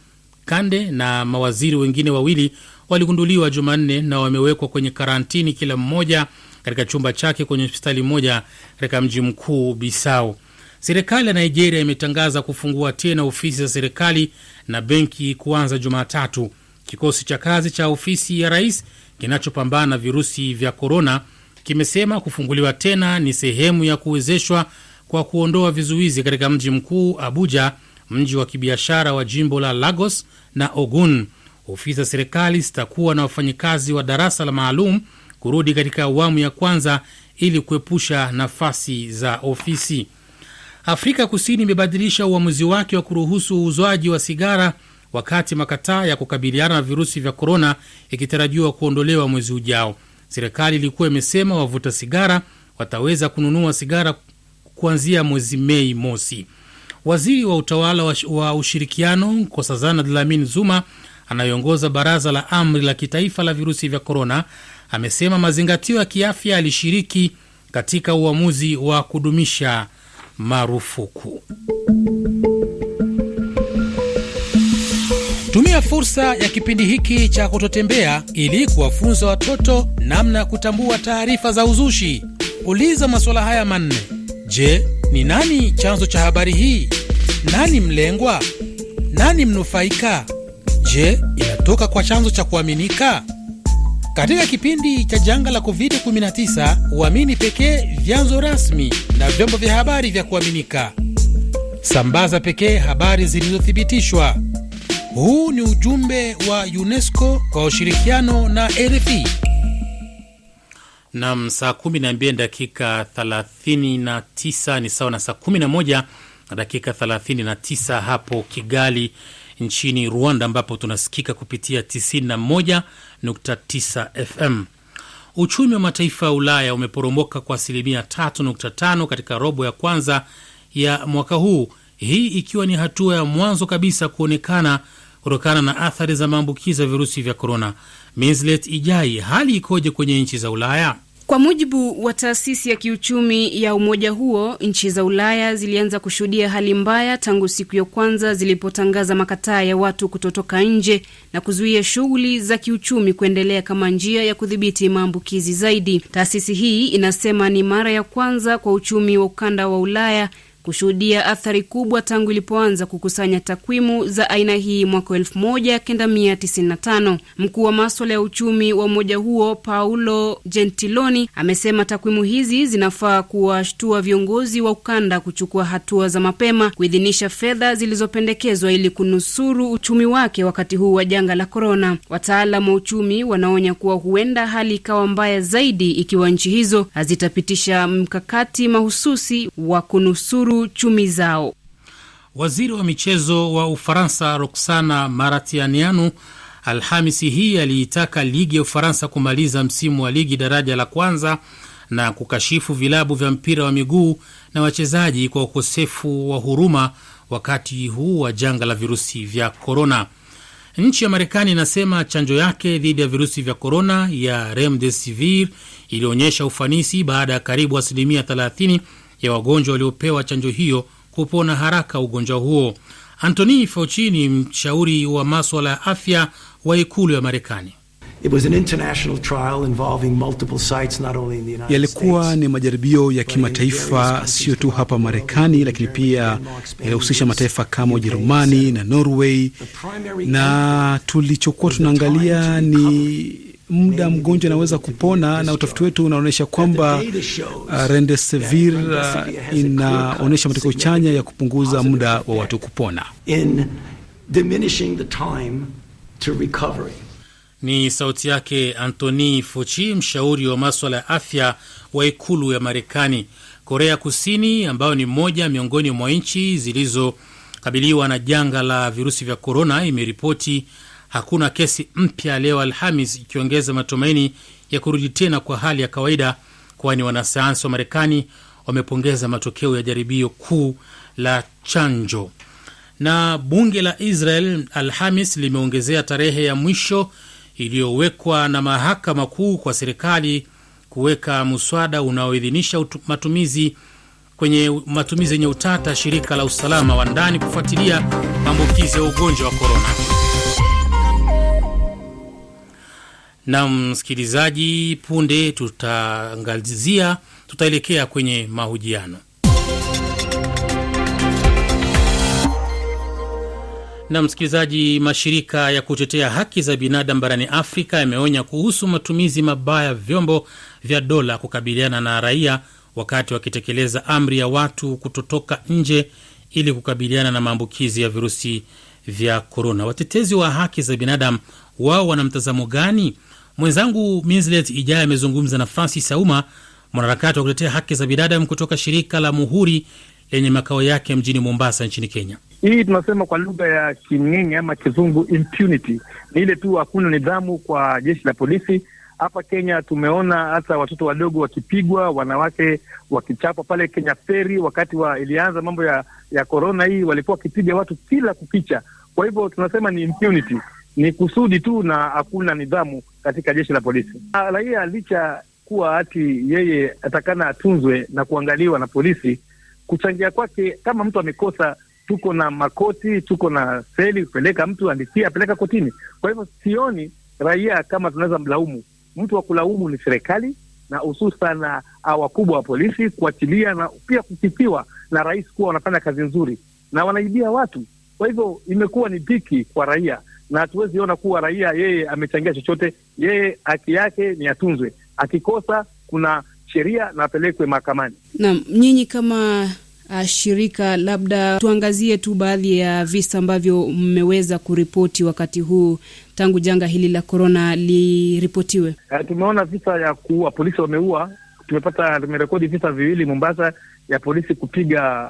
Kande na mawaziri wengine wawili waligunduliwa Jumanne na wamewekwa kwenye karantini kila mmoja katika chumba chake kwenye hospitali moja katika mji mkuu Bisau. Serikali ya Nigeria imetangaza kufungua tena ofisi za serikali na benki kuanza Jumatatu. Kikosi cha kazi cha ofisi ya rais kinachopambana na virusi vya korona kimesema kufunguliwa tena ni sehemu ya kuwezeshwa kwa kuondoa vizuizi katika mji mkuu Abuja, mji wa kibiashara wa jimbo la Lagos na Ogun. Ofisi za serikali zitakuwa na wafanyikazi wa darasa la maalum kurudi katika awamu ya kwanza ili kuepusha nafasi za ofisi. Afrika Kusini imebadilisha uamuzi wake wa kuruhusu uuzwaji wa sigara wakati makataa ya kukabiliana na virusi vya korona ikitarajiwa kuondolewa mwezi ujao. Serikali ilikuwa imesema wavuta sigara wataweza kununua sigara kuanzia mwezi Mei mosi. Waziri wa utawala wa ushirikiano Nkosazana Dlamini Zuma anayeongoza baraza la amri la kitaifa la virusi vya korona amesema mazingatio ya kiafya yalishiriki katika uamuzi wa kudumisha marufuku. Tumia fursa ya kipindi hiki cha kutotembea ili kuwafunza watoto namna ya kutambua taarifa za uzushi. Uliza masuala haya manne: Je, ni nani chanzo cha habari hii? Nani mlengwa? Nani mnufaika? Je, inatoka kwa chanzo cha kuaminika? Katika kipindi cha janga la COVID-19, uamini pekee vyanzo rasmi na vyombo vya habari vya kuaminika. Sambaza pekee habari zilizothibitishwa. Huu ni ujumbe wa UNESCO kwa ushirikiano na RFI. Nam, saa 12 dakika 39 ni sawa na saa 11 na dakika 39 hapo Kigali nchini Rwanda, ambapo tunasikika kupitia 91 107.9 FM. Uchumi wa mataifa ya Ulaya umeporomoka kwa asilimia 3.5 katika robo ya kwanza ya mwaka huu, hii ikiwa ni hatua ya mwanzo kabisa kuonekana kutokana na athari za maambukizi ya virusi vya korona. minslet Ijai, hali ikoje kwenye nchi za Ulaya? Kwa mujibu wa taasisi ya kiuchumi ya umoja huo, nchi za Ulaya zilianza kushuhudia hali mbaya tangu siku ya kwanza zilipotangaza makataa ya watu kutotoka nje na kuzuia shughuli za kiuchumi kuendelea kama njia ya kudhibiti maambukizi zaidi. Taasisi hii inasema ni mara ya kwanza kwa uchumi wa ukanda wa Ulaya kushuhudia athari kubwa tangu ilipoanza kukusanya takwimu za aina hii mwaka 1995. Mkuu wa maswala ya uchumi wa umoja huo Paulo Gentiloni amesema takwimu hizi zinafaa kuwashtua viongozi wa ukanda kuchukua hatua za mapema kuidhinisha fedha zilizopendekezwa ili kunusuru uchumi wake wakati huu wa janga la korona. wataalam wa uchumi wanaonya kuwa huenda hali ikawa mbaya zaidi ikiwa nchi hizo hazitapitisha mkakati mahususi wa kunusuru kunusuru chumi zao. Waziri wa michezo wa Ufaransa Roksana Maratianianu Alhamisi hii aliitaka ligi ya Ufaransa kumaliza msimu wa ligi daraja la kwanza na kukashifu vilabu vya mpira wa miguu na wachezaji kwa ukosefu wa huruma wakati huu wa janga la virusi vya korona. Nchi ya Marekani inasema chanjo yake dhidi ya virusi vya korona ya remdesivir ilionyesha ufanisi baada ya karibu asilimia 30 ya wagonjwa waliopewa chanjo hiyo kupona haraka ugonjwa huo. Anthony Fauci ni mshauri wa maswala ya afya wa ikulu ya Marekani. Yalikuwa ni majaribio ya kimataifa, siyo tu hapa Marekani, lakini pia yalihusisha mataifa kama Ujerumani na Norway, na tulichokuwa tunaangalia ni muda mgonjwa anaweza kupona, na utafiti wetu unaonyesha kwamba uh, uh, inaonyesha matokeo chanya ya kupunguza muda wa watu kupona. Ni sauti yake Anthony Fauci, mshauri wa maswala ya afya wa ikulu ya Marekani. Korea Kusini, ambayo ni moja miongoni mwa nchi zilizokabiliwa na janga la virusi vya korona, imeripoti hakuna kesi mpya leo Alhamis, ikiongeza matumaini ya kurudi tena kwa hali ya kawaida, kwani wanasayansi wa Marekani wamepongeza matokeo ya jaribio kuu la chanjo. Na bunge la Israel Alhamis limeongezea tarehe ya mwisho iliyowekwa na mahakama kuu kwa serikali kuweka muswada unaoidhinisha matumizi kwenye matumizi yenye utata shirika la usalama wa ndani kufuatilia maambukizi ya ugonjwa wa korona. na msikilizaji, punde tutaangazia, tutaelekea kwenye mahojiano na msikilizaji. Mashirika ya kutetea haki za binadamu barani Afrika yameonya kuhusu matumizi mabaya ya vyombo vya dola kukabiliana na raia wakati wakitekeleza amri ya watu kutotoka nje ili kukabiliana na maambukizi ya virusi vya korona. Watetezi wa haki za binadamu wao wana mtazamo gani? Mwenzangu Minslet Ijaya amezungumza na Francis Sauma, mwanaharakati wa kutetea haki za binadamu kutoka shirika la Muhuri lenye makao yake mjini Mombasa nchini Kenya. Hii tunasema kwa lugha ya king'enge ama kizungu impunity, ni ile tu hakuna nidhamu kwa jeshi la polisi. Hapa Kenya tumeona hata watoto wadogo wakipigwa, wanawake wakichapwa pale Kenya feri Wakati wa ilianza mambo ya ya korona hii, walikuwa wakipiga watu kila kukicha. Kwa hivyo tunasema ni impunity ni kusudi tu na hakuna nidhamu katika jeshi la polisi. Ah, raia licha kuwa hati yeye atakana atunzwe na kuangaliwa na polisi, kuchangia kwake kama mtu amekosa tuko na makoti, tuko na seli kupeleka mtu andikia, apeleka kotini. Kwa hivyo sioni raia kama tunaweza mlaumu mtu. Wa kulaumu ni serikali na hususan wakubwa wa polisi kuachilia na pia kusifiwa na rais kuwa wanafanya kazi nzuri na wanaibia watu. Kwa hivyo imekuwa ni dhiki kwa raia, na hatuwezi ona kuwa raia yeye amechangia chochote. Yeye haki yake ni atunzwe, akikosa kuna sheria na apelekwe mahakamani. Naam, nyinyi kama uh, shirika labda tuangazie tu baadhi ya visa ambavyo mmeweza kuripoti wakati huu tangu janga hili la korona liripotiwe. Uh, tumeona visa ya kuua, polisi wameua. Tumepata, tumerekodi visa viwili Mombasa ya polisi kupiga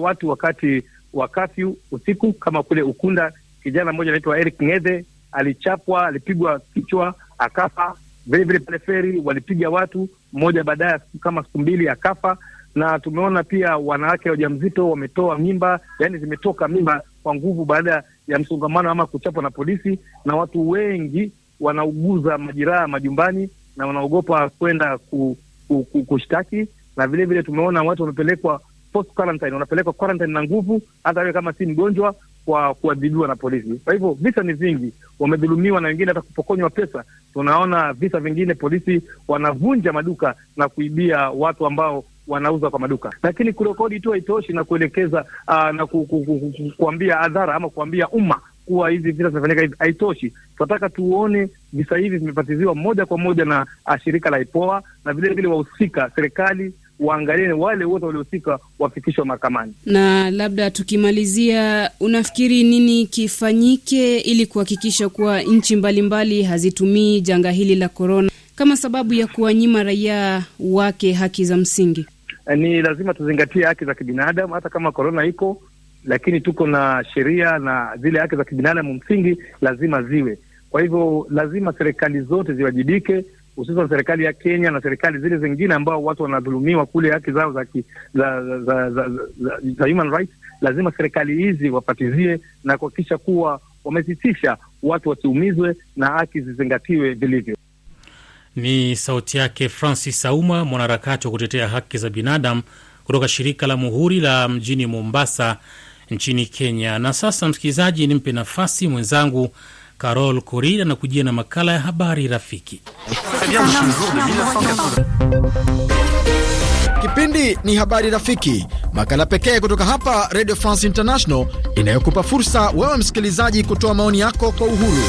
watu wakati wa kafyu usiku, kama kule Ukunda kijana mmoja anaitwa Eric Ngede alichapwa, alipigwa kichwa akafa. Vile vile pale feri walipiga watu, mmoja baadaye kama siku mbili akafa. Na tumeona pia wanawake wajamzito wametoa mimba, yani zimetoka mimba kwa nguvu baada ya msongamano ama kuchapwa na polisi, na watu wengi wanauguza majiraha majumbani na wanaogopa kwenda ku, ku, ku, kushtaki. Na vile vile tumeona watu wamepelekwa post quarantine, wanapelekwa quarantine na nguvu, hata wewe kama si mgonjwa kwa kuadhibiwa na polisi. Kwa hivyo visa ni vingi, wamedhulumiwa na wengine hata kupokonywa pesa. Tunaona visa vingine, polisi wanavunja maduka na kuibia watu ambao wanauza kwa maduka. Lakini kurekodi tu haitoshi na kuelekeza aa, ah, na ku, ku, ku, ku, kuambia adhara ama kuambia umma kuwa hizi visa vinafanyika hivi haitoshi. Tunataka tuone visa hivi vimepatiziwa moja kwa moja na ah, shirika la IPOA na vilevile wahusika serikali waangalie wale wote waliohusika wafikishwe mahakamani. Na labda tukimalizia, unafikiri nini kifanyike ili kuhakikisha kuwa nchi mbalimbali hazitumii janga hili la korona kama sababu ya kuwanyima raia wake haki za msingi? Eh, ni lazima tuzingatie haki za kibinadamu, hata kama korona iko, lakini tuko na sheria na zile haki za kibinadamu msingi lazima ziwe. Kwa hivyo lazima serikali zote ziwajibike hususan serikali ya Kenya na serikali zile zingine ambao watu wanadhulumiwa kule haki zao za, ki, za, za, za, za, za, za human rights, lazima serikali hizi wapatizie na kuhakikisha kuwa wamesitisha watu wasiumizwe na haki zizingatiwe vilivyo. Ni sauti yake Francis Auma, mwanaharakati wa kutetea haki za binadamu kutoka shirika la Muhuri la mjini Mombasa nchini Kenya. Na sasa, msikilizaji, nimpe nafasi mwenzangu Carol Korir anakujia na makala ya habari rafiki. Kipindi ni habari rafiki, makala pekee kutoka hapa Radio France International inayokupa fursa wewe msikilizaji kutoa maoni yako kwa uhuru.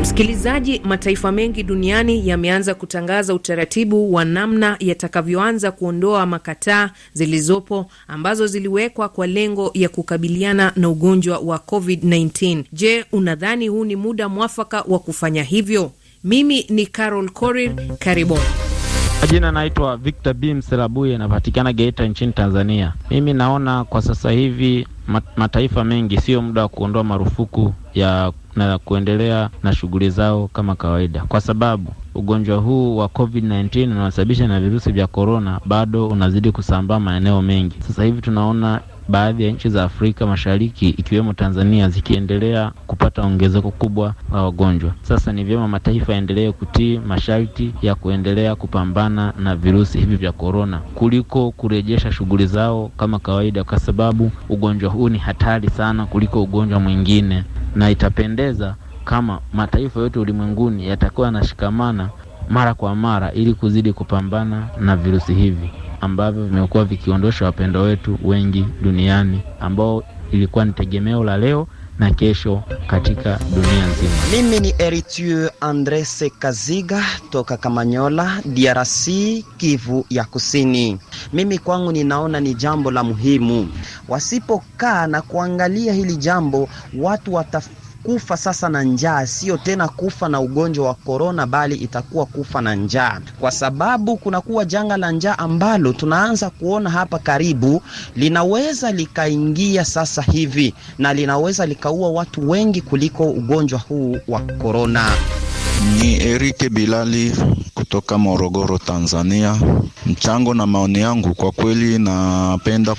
Msikilizaji, mataifa mengi duniani yameanza kutangaza utaratibu wa namna yatakavyoanza kuondoa makataa zilizopo ambazo ziliwekwa kwa lengo ya kukabiliana na ugonjwa wa COVID-19. Je, unadhani huu ni muda mwafaka wa kufanya hivyo? Mimi ni Carol Korir, karibu Majina naitwa Victor B Mselabuye, napatikana Geita nchini Tanzania. Mimi naona kwa sasa hivi mataifa mengi, sio muda wa kuondoa marufuku ya na kuendelea na shughuli zao kama kawaida, kwa sababu ugonjwa huu wa COVID-19 unaosababisha na virusi vya korona bado unazidi kusambaa maeneo mengi. Sasa hivi tunaona baadhi ya nchi za Afrika Mashariki ikiwemo Tanzania zikiendelea kupata ongezeko kubwa la wagonjwa. Sasa ni vyema mataifa yaendelee kutii masharti ya kuendelea kupambana na virusi hivi vya korona kuliko kurejesha shughuli zao kama kawaida, kwa sababu ugonjwa huu ni hatari sana kuliko ugonjwa mwingine na itapendeza kama mataifa yote ulimwenguni yatakuwa yanashikamana mara kwa mara ili kuzidi kupambana na virusi hivi ambavyo vimekuwa vikiondosha wapendo wetu wengi duniani ambao ilikuwa ni tegemeo la leo na kesho katika dunia nzima. Mimi ni Eritieu Andrese Kaziga toka Kamanyola, DRC, Kivu ya Kusini. Mimi kwangu ninaona ni jambo la muhimu, wasipokaa na kuangalia hili jambo watu wata kufa sasa na njaa, sio tena kufa na ugonjwa wa korona, bali itakuwa kufa na njaa, kwa sababu kunakuwa janga la njaa ambalo tunaanza kuona hapa karibu, linaweza likaingia sasa hivi na linaweza likaua watu wengi kuliko ugonjwa huu wa korona. Ni Erike Bilali kutoka Morogoro, Tanzania. Mchango na maoni yangu, kwa kweli napenda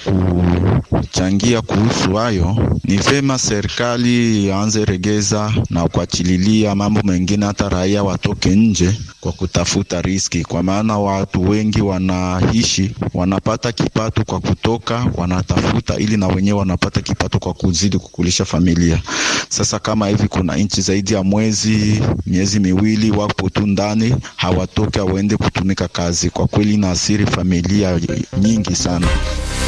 kuchangia kuhusu hayo. Ni vema serikali ianze regeza na kuachililia mambo mengine, hata raia watoke nje kwa kutafuta riski, kwa maana watu wengi wanaishi wanapata kipato kwa kutoka, wanatafuta ili na wenyewe wanapata kipato kwa kuzidi kukulisha familia. Sasa kama hivi kuna nchi zaidi ya mwezi miezi miwili wapo tu ndani, hawatoke waende kutumika kazi. Kwa kweli inaathiri familia nyingi sana.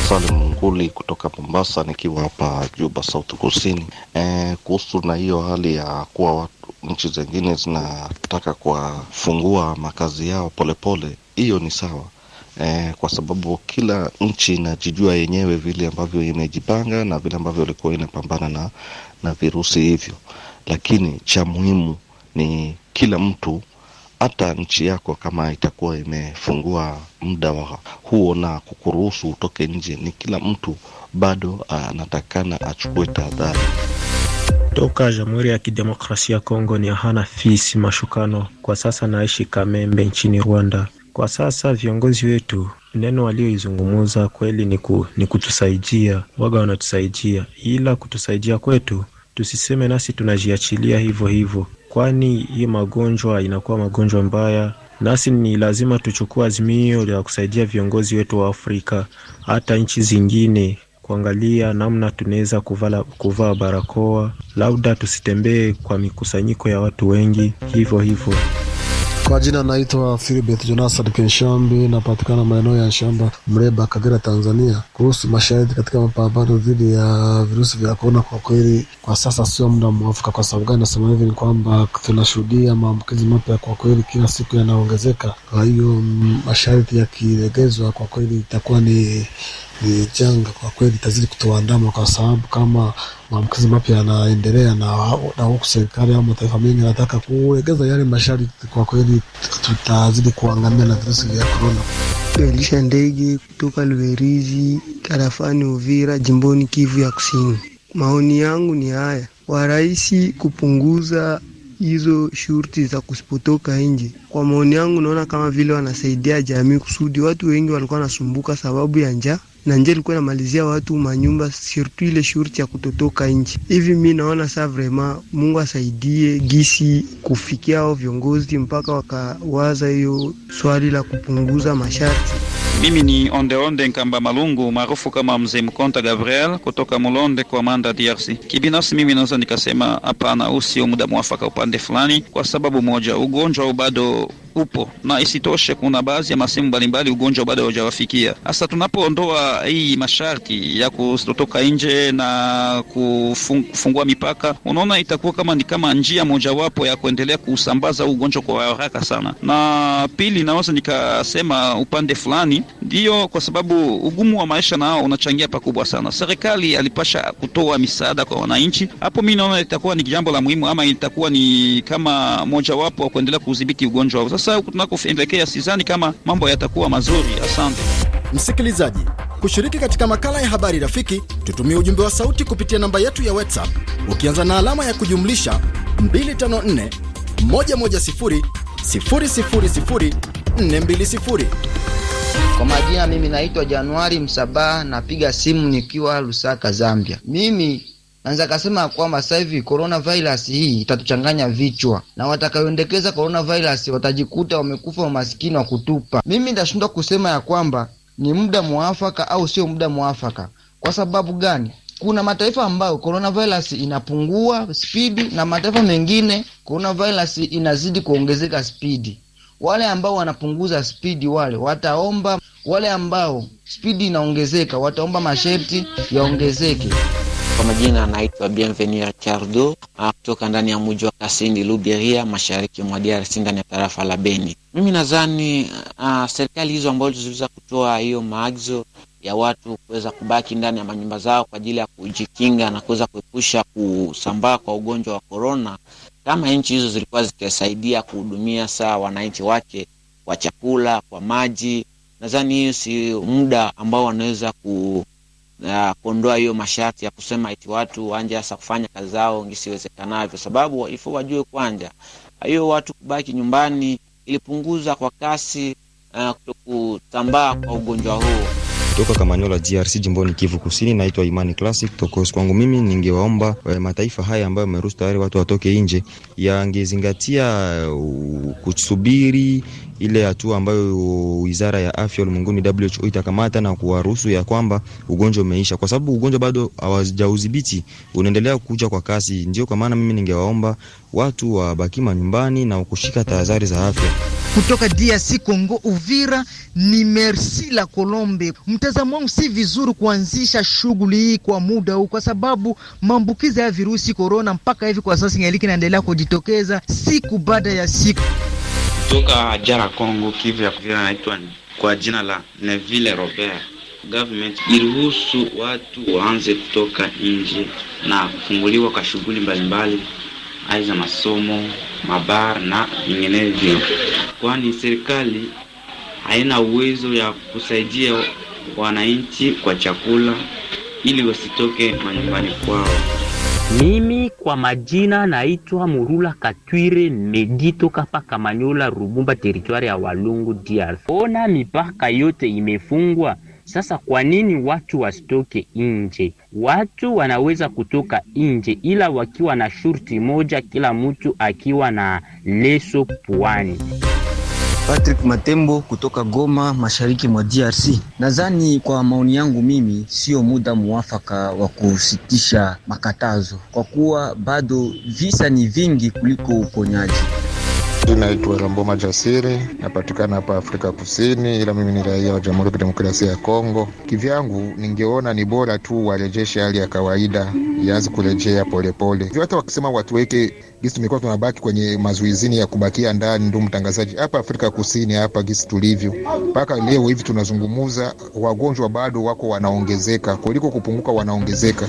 Salim Nguli kutoka Mombasa, nikiwa hapa Juba, South Kusini. Eh, kuhusu na hiyo hali ya kuwa watu nchi zingine zinataka kuwafungua makazi yao polepole, hiyo pole, ni sawa e, kwa sababu kila nchi inajijua yenyewe vile ambavyo imejipanga na vile ambavyo ilikuwa inapambana na, na virusi hivyo, lakini cha muhimu ni kila mtu hata nchi yako kama itakuwa imefungua muda wa huo na kukuruhusu utoke nje, ni kila mtu bado anatakana achukue tahadhari. Toka Jamhuri ya Kidemokrasia Kongo ni hana Fisi Mashukano, kwa sasa naishi Kamembe nchini Rwanda. Kwa sasa viongozi wetu neno walioizungumuza kweli ni, ku, ni kutusaidia, waga wanatusaidia, ila kutusaidia kwetu tusiseme nasi tunajiachilia hivyo hivyo kwani hii magonjwa inakuwa magonjwa mbaya, nasi ni lazima tuchukua azimio la kusaidia viongozi wetu wa Afrika hata nchi zingine kuangalia namna tunaweza kuvaa barakoa, labda tusitembee kwa mikusanyiko ya watu wengi hivyo hivyo. Kwa jina naitwa Philibert jonasan Kenshambi, napatikana maeneo ya shamba Mreba, Kagera, Tanzania. Kuhusu mashahidi katika mapambano dhidi ya virusi vya korona, kwa kweli kwa sasa sio muda mwafaka. Kwa sababu gani nasema hivi? Ni kwamba tunashuhudia maambukizi mapya kwa kweli kila siku yanaongezeka. Kwa hiyo mm, masharti yakilegezwa, kwa kweli itakuwa ni ni janga kwa kweli itazidi kutuandama kwa sababu kama maambukizi mapya yanaendelea na, na huku serikali au mataifa mengi yanataka kuegeza yale masharti, kwa kweli tutazidi kuangamia na virusi vya korona. Elisha Ndege kutoka Luverizi tarafani Uvira jimboni Kivu ya Kusini. Maoni yangu ni haya, warahisi kupunguza hizo shurti za kusipotoka nje. Kwa maoni yangu, naona kama vile wanasaidia jamii kusudi watu wengi walikuwa wanasumbuka sababu ya njaa na nje likuwa namalizia watu manyumba, surtout ile shurti ya kutotoka nje. Hivi mi naona saa vrema, Mungu asaidie gisi kufikia ao viongozi mpaka wakawaza hiyo swali la kupunguza masharti. Mimi ni Ondeonde Nkamba Malungu maarufu kama Mzee Mkonta Gabriel kutoka Mulonde kwa Manda, DRC. Kibinafsi mimi naweza nikasema hapana, huu sio muda mwafaka upande fulani, kwa sababu moja, ugonjwa bado upo na isitoshe, kuna baadhi ya masehemu mbalimbali ugonjwa bado haujawafikia. Sasa tunapoondoa hii masharti ya kutoka nje na kufungua mipaka, unaona itakuwa kama ni kama njia mojawapo ya kuendelea kusambaza ugonjwa kwa haraka sana. Na pili, naweza nikasema upande fulani Ndiyo, kwa sababu ugumu wa maisha nao unachangia pakubwa sana. Serikali alipasha kutoa misaada kwa wananchi, hapo mi naona itakuwa ni jambo la muhimu, ama itakuwa ni kama mojawapo wa kuendelea kudhibiti ugonjwa huu. Sasa tunakoelekea, sidhani kama mambo yatakuwa mazuri. Asante msikilizaji kushiriki katika makala ya habari rafiki, tutumie ujumbe wa sauti kupitia namba yetu ya WhatsApp ukianza na alama ya kujumlisha 254 110 000 420. Kwa majina mimi naitwa Januari Msabaha, napiga simu nikiwa Lusaka, Zambia. Mimi naweza kasema kwamba sasa hivi coronavirus hii itatuchanganya vichwa, na watakayoendekeza coronavirus watajikuta wamekufa umasikini wa kutupa. Mimi nitashindwa kusema ya kwamba ni muda mwafaka au sio muda mwafaka. Kwa sababu gani? Kuna mataifa ambayo coronavirus inapungua spidi na mataifa mengine coronavirus inazidi kuongezeka spidi. Wale ambao wanapunguza spidi wale wataomba, wale ambao spidi inaongezeka wataomba masharti yaongezeke. Kwa majina anaitwa Bienvenue Chardo ah, kutoka ndani ya muji wa Kasindi Luberia, mashariki mwa DRC, ndani ya tarafa la Beni. Mimi nadhani uh, serikali hizo ambazo ziliweza kutoa hiyo maagizo ya watu kuweza kubaki ndani ya manyumba zao kwa ajili ya kujikinga na kuweza kuepusha kusambaa kwa ugonjwa wa korona kama nchi hizo zilikuwa zitasaidia kuhudumia saa wananchi wake kwa chakula, kwa maji, nadhani hiyo si muda ambao wanaweza ku na uh, kuondoa hiyo masharti ya kusema eti watu wanje hasa kufanya kazi zao ngisiwezekanavyo, sababu ifo wajue kwanja hiyo watu kubaki nyumbani ilipunguza kwa kasi uh, kutambaa kwa ugonjwa huo kutoka Kamanyola, DRC, jimboni Kivu Kusini. Naitwa Imani Classic Tokos. Kwangu mimi, ningewaomba eh, mataifa haya ambayo yameruhusu tayari watu watoke nje yangezingatia uh, kusubiri ile hatua ambayo wizara ya afya ulimwenguni WHO itakamata na kuwaruhusu ya kwamba ugonjwa umeisha, kwa sababu ugonjwa bado hawajaudhibiti, unaendelea kuja kwa kasi. Ndio kwa maana mimi ningewaomba watu wabaki manyumbani na kushika tahadhari za afya. Kutoka DRC Congo, Uvira, ni Merci la Colombe. Mtazamo wangu si vizuri kuanzisha shughuli hii kwa muda huu, kwa sababu maambukizi ya virusi korona mpaka hivi kwa sasa ingali inaendelea kujitokeza siku baada ya siku. Toka Jara Kongo, Kivu ya Kuvira, naitwa kwa jina la Neville Robert. Government iruhusu watu waanze kutoka nje na kufunguliwa kwa shughuli mbalimbali, ai za masomo, mabar na vinginevyo, kwani serikali haina uwezo ya kusaidia wananchi kwa chakula ili wasitoke manyumbani kwao. Mimi kwa majina naitwa Murula Katwire Medi toka pa Kamanyola Rubumba, teritwari ya Walungu DR. Ona mipaka yote imefungwa sasa, kwa nini watu wasitoke nje? Watu wanaweza kutoka nje, ila wakiwa na shurti moja, kila mtu akiwa na leso puani. Patrick Matembo kutoka Goma, mashariki mwa DRC. Nadhani kwa maoni yangu mimi, sio muda muafaka wa kusitisha makatazo, kwa kuwa bado visa ni vingi kuliko uponyaji naitwa Ramboma Jasiri, napatikana hapa Afrika Kusini, ila mimi ni raia wa Jamhuri ya Kidemokrasia ya Kongo. Kivyangu ningeona ni bora tu warejeshe hali ya kawaida, ianze kurejea polepole. Hata wakisema watuweke gisi, tumekuwa tunabaki kwenye mazuizini ya kubakia ndani. Ndu mtangazaji, hapa Afrika Kusini hapa gisi tulivyo mpaka leo hivi tunazungumuza, wagonjwa bado wako wanaongezeka kuliko kupunguka, wanaongezeka.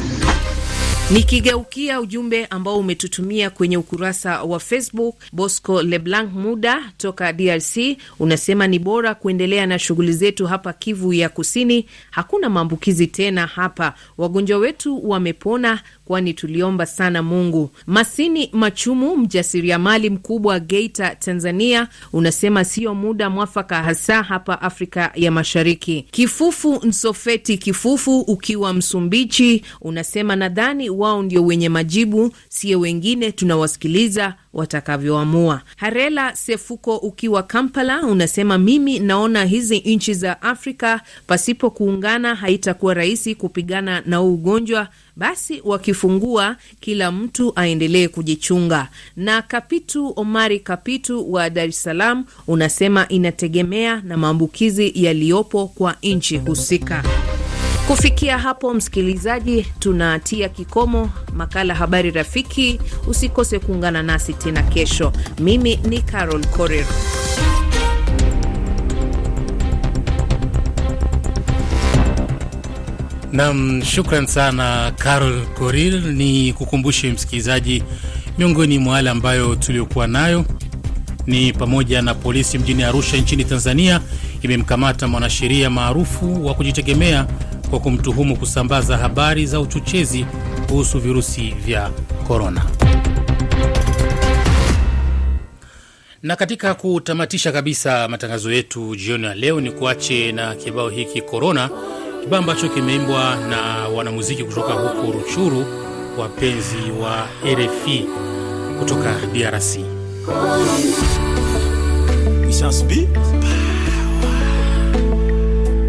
Nikigeukia ujumbe ambao umetutumia kwenye ukurasa wa Facebook, Bosco Leblanc Muda toka DRC unasema ni bora kuendelea na shughuli zetu hapa Kivu ya Kusini. Hakuna maambukizi tena hapa, wagonjwa wetu wamepona, kwani tuliomba sana Mungu. Masini Machumu, mjasiriamali mkubwa Geita, Tanzania, unasema sio muda mwafaka, hasa hapa Afrika ya Mashariki. Kifufu Nsofeti Kifufu, ukiwa Msumbichi, unasema nadhani wao ndio wenye majibu, sio wengine, tunawasikiliza watakavyoamua. Harela Sefuko, ukiwa Kampala, unasema mimi naona hizi nchi za Afrika pasipo kuungana haitakuwa rahisi kupigana na huu ugonjwa. Basi wakifungua, kila mtu aendelee kujichunga. Na Kapitu Omari Kapitu wa Dar es Salaam unasema inategemea na maambukizi yaliyopo kwa nchi husika. Kufikia hapo, msikilizaji, tunatia kikomo makala Habari Rafiki. Usikose kuungana nasi tena kesho. Mimi ni Carol Korir. Nam, shukran sana Carol Korir. Ni kukumbushe msikilizaji, miongoni mwa yale ambayo tuliokuwa nayo ni pamoja na polisi mjini Arusha nchini Tanzania imemkamata mwanasheria maarufu wa kujitegemea kwa kumtuhumu kusambaza habari za uchochezi kuhusu virusi vya korona. Na katika kutamatisha kabisa matangazo yetu jioni ya leo, ni kuache na kibao hiki Korona, kibao ambacho kimeimbwa na wanamuziki kutoka huko Ruchuru, wapenzi wa RFI kutoka DRC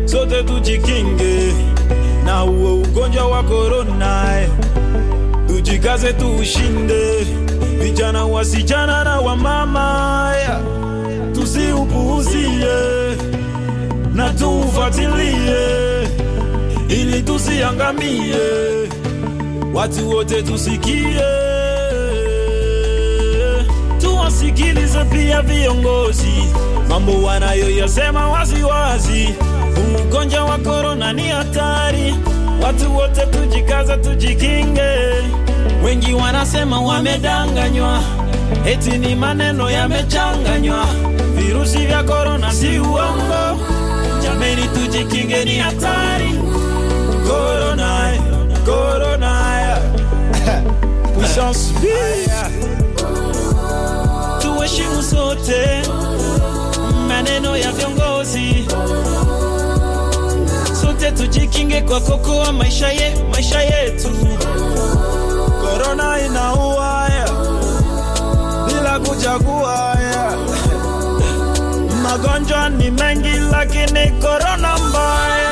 sote tujikinge na uo ugonjwa wa korona, eh. tujikaze tuushinde, vijana wasichana na wamama, eh. tusiupuuzie na tuufatilie ili tusiangamie, watu wote tusikie tuwasikilize pia viongozi, mambo wanayoyasema waziwazi wazi. Ugonjwa wa korona ni hatari, watu wote tujikaza, tujikinge. Wengi wanasema wamedanganywa, eti ni maneno yamechanganywa. Virusi vya korona si uongo, jameni, tujikinge, ni hatari. Korona, korona tuheshimu sote maneno ya viongozi tujikinge kwa kokoa maisha ye, maisha yetu. Corona inaua ya bila kuchagua ya magonjwa ni mengi, lakini corona mbaya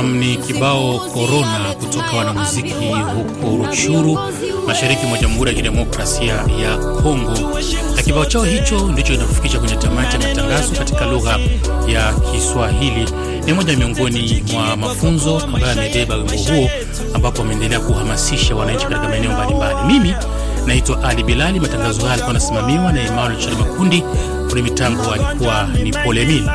Nam ni kibao korona kutoka wanamuziki huko Ruchuru, mashariki mwa Jamhuri ya Kidemokrasia ya Kongo, na kibao chao hicho ndicho inakufikisha kwenye tamati ya matangazo katika lugha ya Kiswahili. Ni moja miongoni mwa mafunzo ambayo amebeba wimbo huo, ambapo ameendelea kuhamasisha wananchi katika maeneo mbalimbali. Mimi naitwa Ali Bilali. Matangazo haya alikuwa anasimamiwa na Emmanuel Chali Makundi, kwenye mitango alikuwa ni polemi